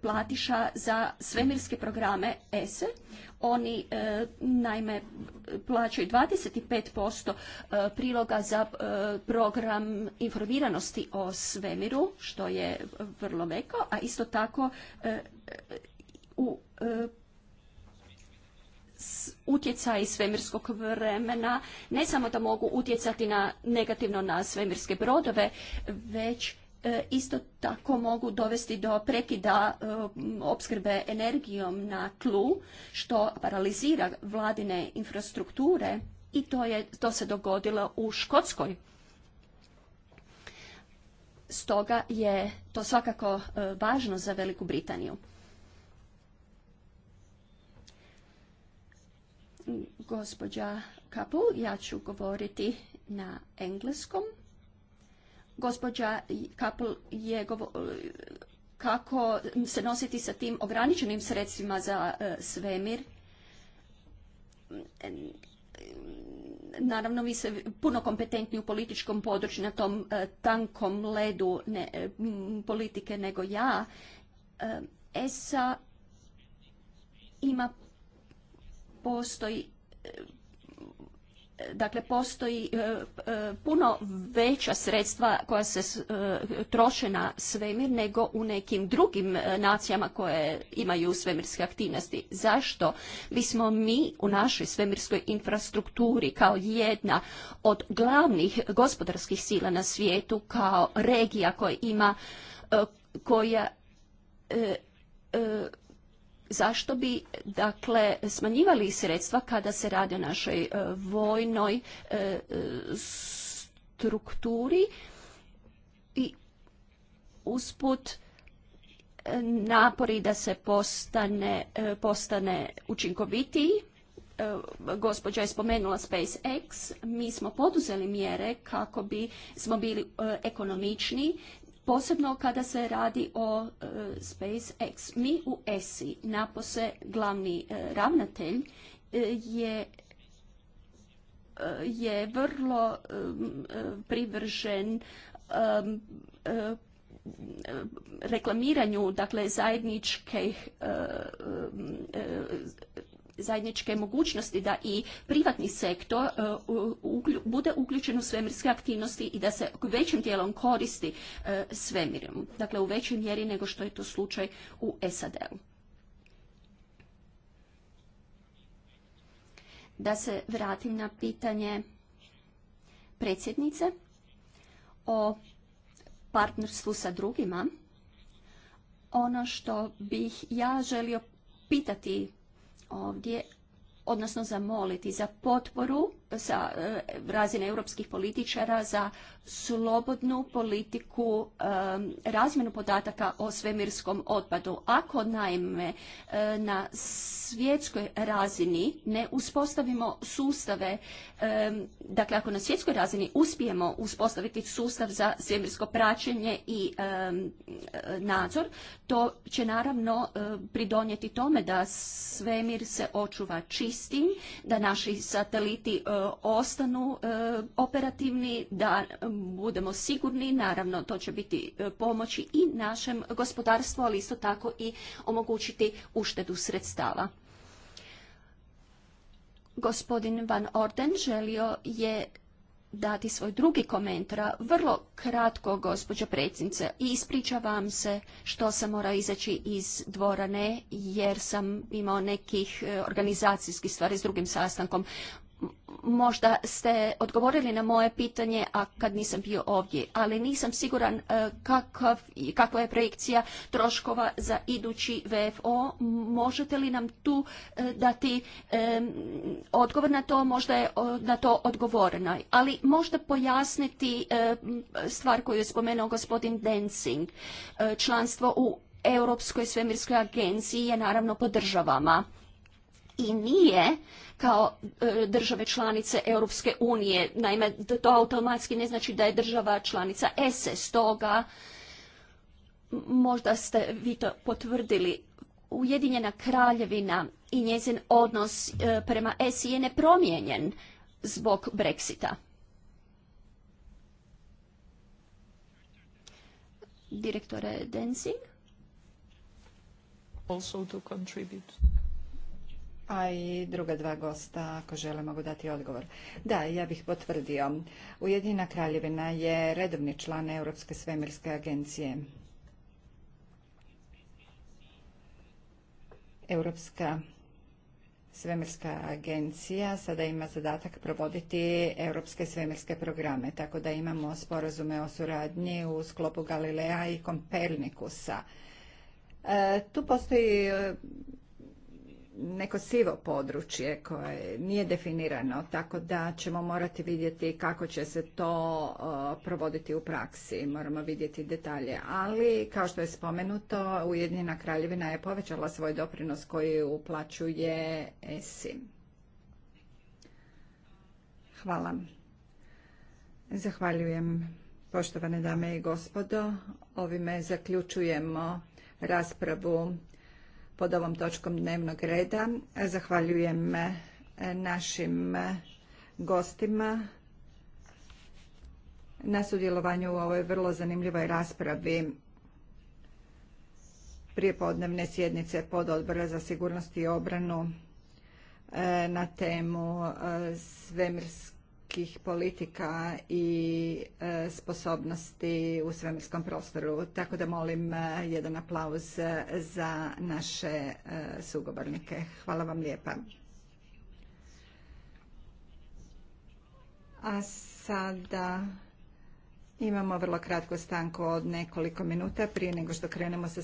platiša za svemirske programe ESE oni e, naime plaćaju 25% e, priloga za e, program informiranosti o svemiru, što je vrlo veko, a isto tako u utjecaj svemirskog vremena ne samo da mogu utjecati na negativno na svemirske brodove, već E, isto tako mogu dovesti do prekida e, opskrbe energijom na tlu, što paralizira vladine infrastrukture i to, je, to se dogodilo u Škotskoj. Stoga je to svakako e, važno za Veliku Britaniju. Gospođa Kapu, ja ću govoriti na engleskom. Gospođa Kapl je kako se nositi sa tim ograničenim sredstvima za e, svemir. Naravno, vi se puno kompetentni u političkom području na tom e, tankom ledu ne, e, politike nego ja. ESA ima postoji dakle postoji e, e, puno veća sredstva koja se e, troše na svemir nego u nekim drugim nacijama koje imaju svemirske aktivnosti. Zašto bismo mi u našoj svemirskoj infrastrukturi kao jedna od glavnih gospodarskih sila na svijetu, kao regija koja ima koja zašto bi dakle smanjivali sredstva kada se radi o našoj e, vojnoj e, e, strukturi i usput napori da se postane, postane učinkovitiji. Gospođa je spomenula SpaceX. Mi smo poduzeli mjere kako bi smo bili ekonomični posebno kada se radi o e, SpaceX. Mi u ESI, napose glavni e, ravnatelj, e, je je vrlo privržen reklamiranju dakle zajedničkih zajedničke mogućnosti da i privatni sektor e, bude uključen u svemirske aktivnosti i da se većim dijelom koristi e, svemirom, dakle u većoj mjeri nego što je to slučaj u SAD-u. Da se vratim na pitanje predsjednice o partnerstvu sa drugima. Ono što bih ja želio pitati ovdje, odnosno zamoliti za potporu sa e, razine europskih političara za slobodnu politiku e, razmjenu podataka o svemirskom otpadu. Ako naime e, na svjetskoj razini ne uspostavimo sustave, dakle ako na svjetskoj razini uspijemo uspostaviti sustav za svemirsko praćenje i nadzor, to će naravno pridonijeti tome da svemir se očuva čistim, da naši sateliti ostanu e, operativni, da budemo sigurni. Naravno, to će biti e, pomoći i našem gospodarstvu, ali isto tako i omogućiti uštedu sredstava. Gospodin Van Orden želio je dati svoj drugi komentar, vrlo kratko, gospođo predsjednice, i ispričavam se što sam morao izaći iz dvorane jer sam imao nekih e, organizacijskih stvari s drugim sastankom možda ste odgovorili na moje pitanje, a kad nisam bio ovdje, ali nisam siguran e, kakav, kakva je projekcija troškova za idući VFO. Možete li nam tu e, dati e, odgovor na to, možda je na to odgovoreno, ali možda pojasniti stvar koju je spomenuo gospodin Densing, članstvo u Europskoj svemirskoj agenciji je naravno po državama i nije kao e, države članice Europske unije. Naime, to automatski ne znači da je država članica ESE, stoga možda ste vi to potvrdili. Ujedinjena kraljevina i njezin odnos e, prema ESI je nepromijenjen zbog Brexita. Direktore Densing. Also to contribute a i druga dva gosta ako žele mogu dati odgovor. Da, ja bih potvrdio. Ujedina Kraljevina je redovni član Europske svemirske agencije. Europska svemirska agencija sada ima zadatak provoditi europske svemirske programe, tako da imamo sporazume o suradnji u sklopu Galilea i Kompernikusa. E, tu postoji neko sivo područje koje nije definirano, tako da ćemo morati vidjeti kako će se to provoditi u praksi. Moramo vidjeti detalje. Ali, kao što je spomenuto, Ujedinjena kraljevina je povećala svoj doprinos koji uplaćuje ESI. Hvala. Zahvaljujem, poštovane dame i gospodo. Ovime zaključujemo raspravu pod ovom točkom dnevnog reda. Zahvaljujem e, našim e, gostima na sudjelovanju u ovoj vrlo zanimljivoj raspravi prijepodnevne sjednice odbora za sigurnost i obranu e, na temu svemirske politika i e, sposobnosti u svemirskom prostoru. Tako da molim e, jedan aplauz e, za naše sugovornike. Hvala vam lijepa. A sada imamo vrlo kratku stanku od nekoliko minuta prije nego što krenemo sa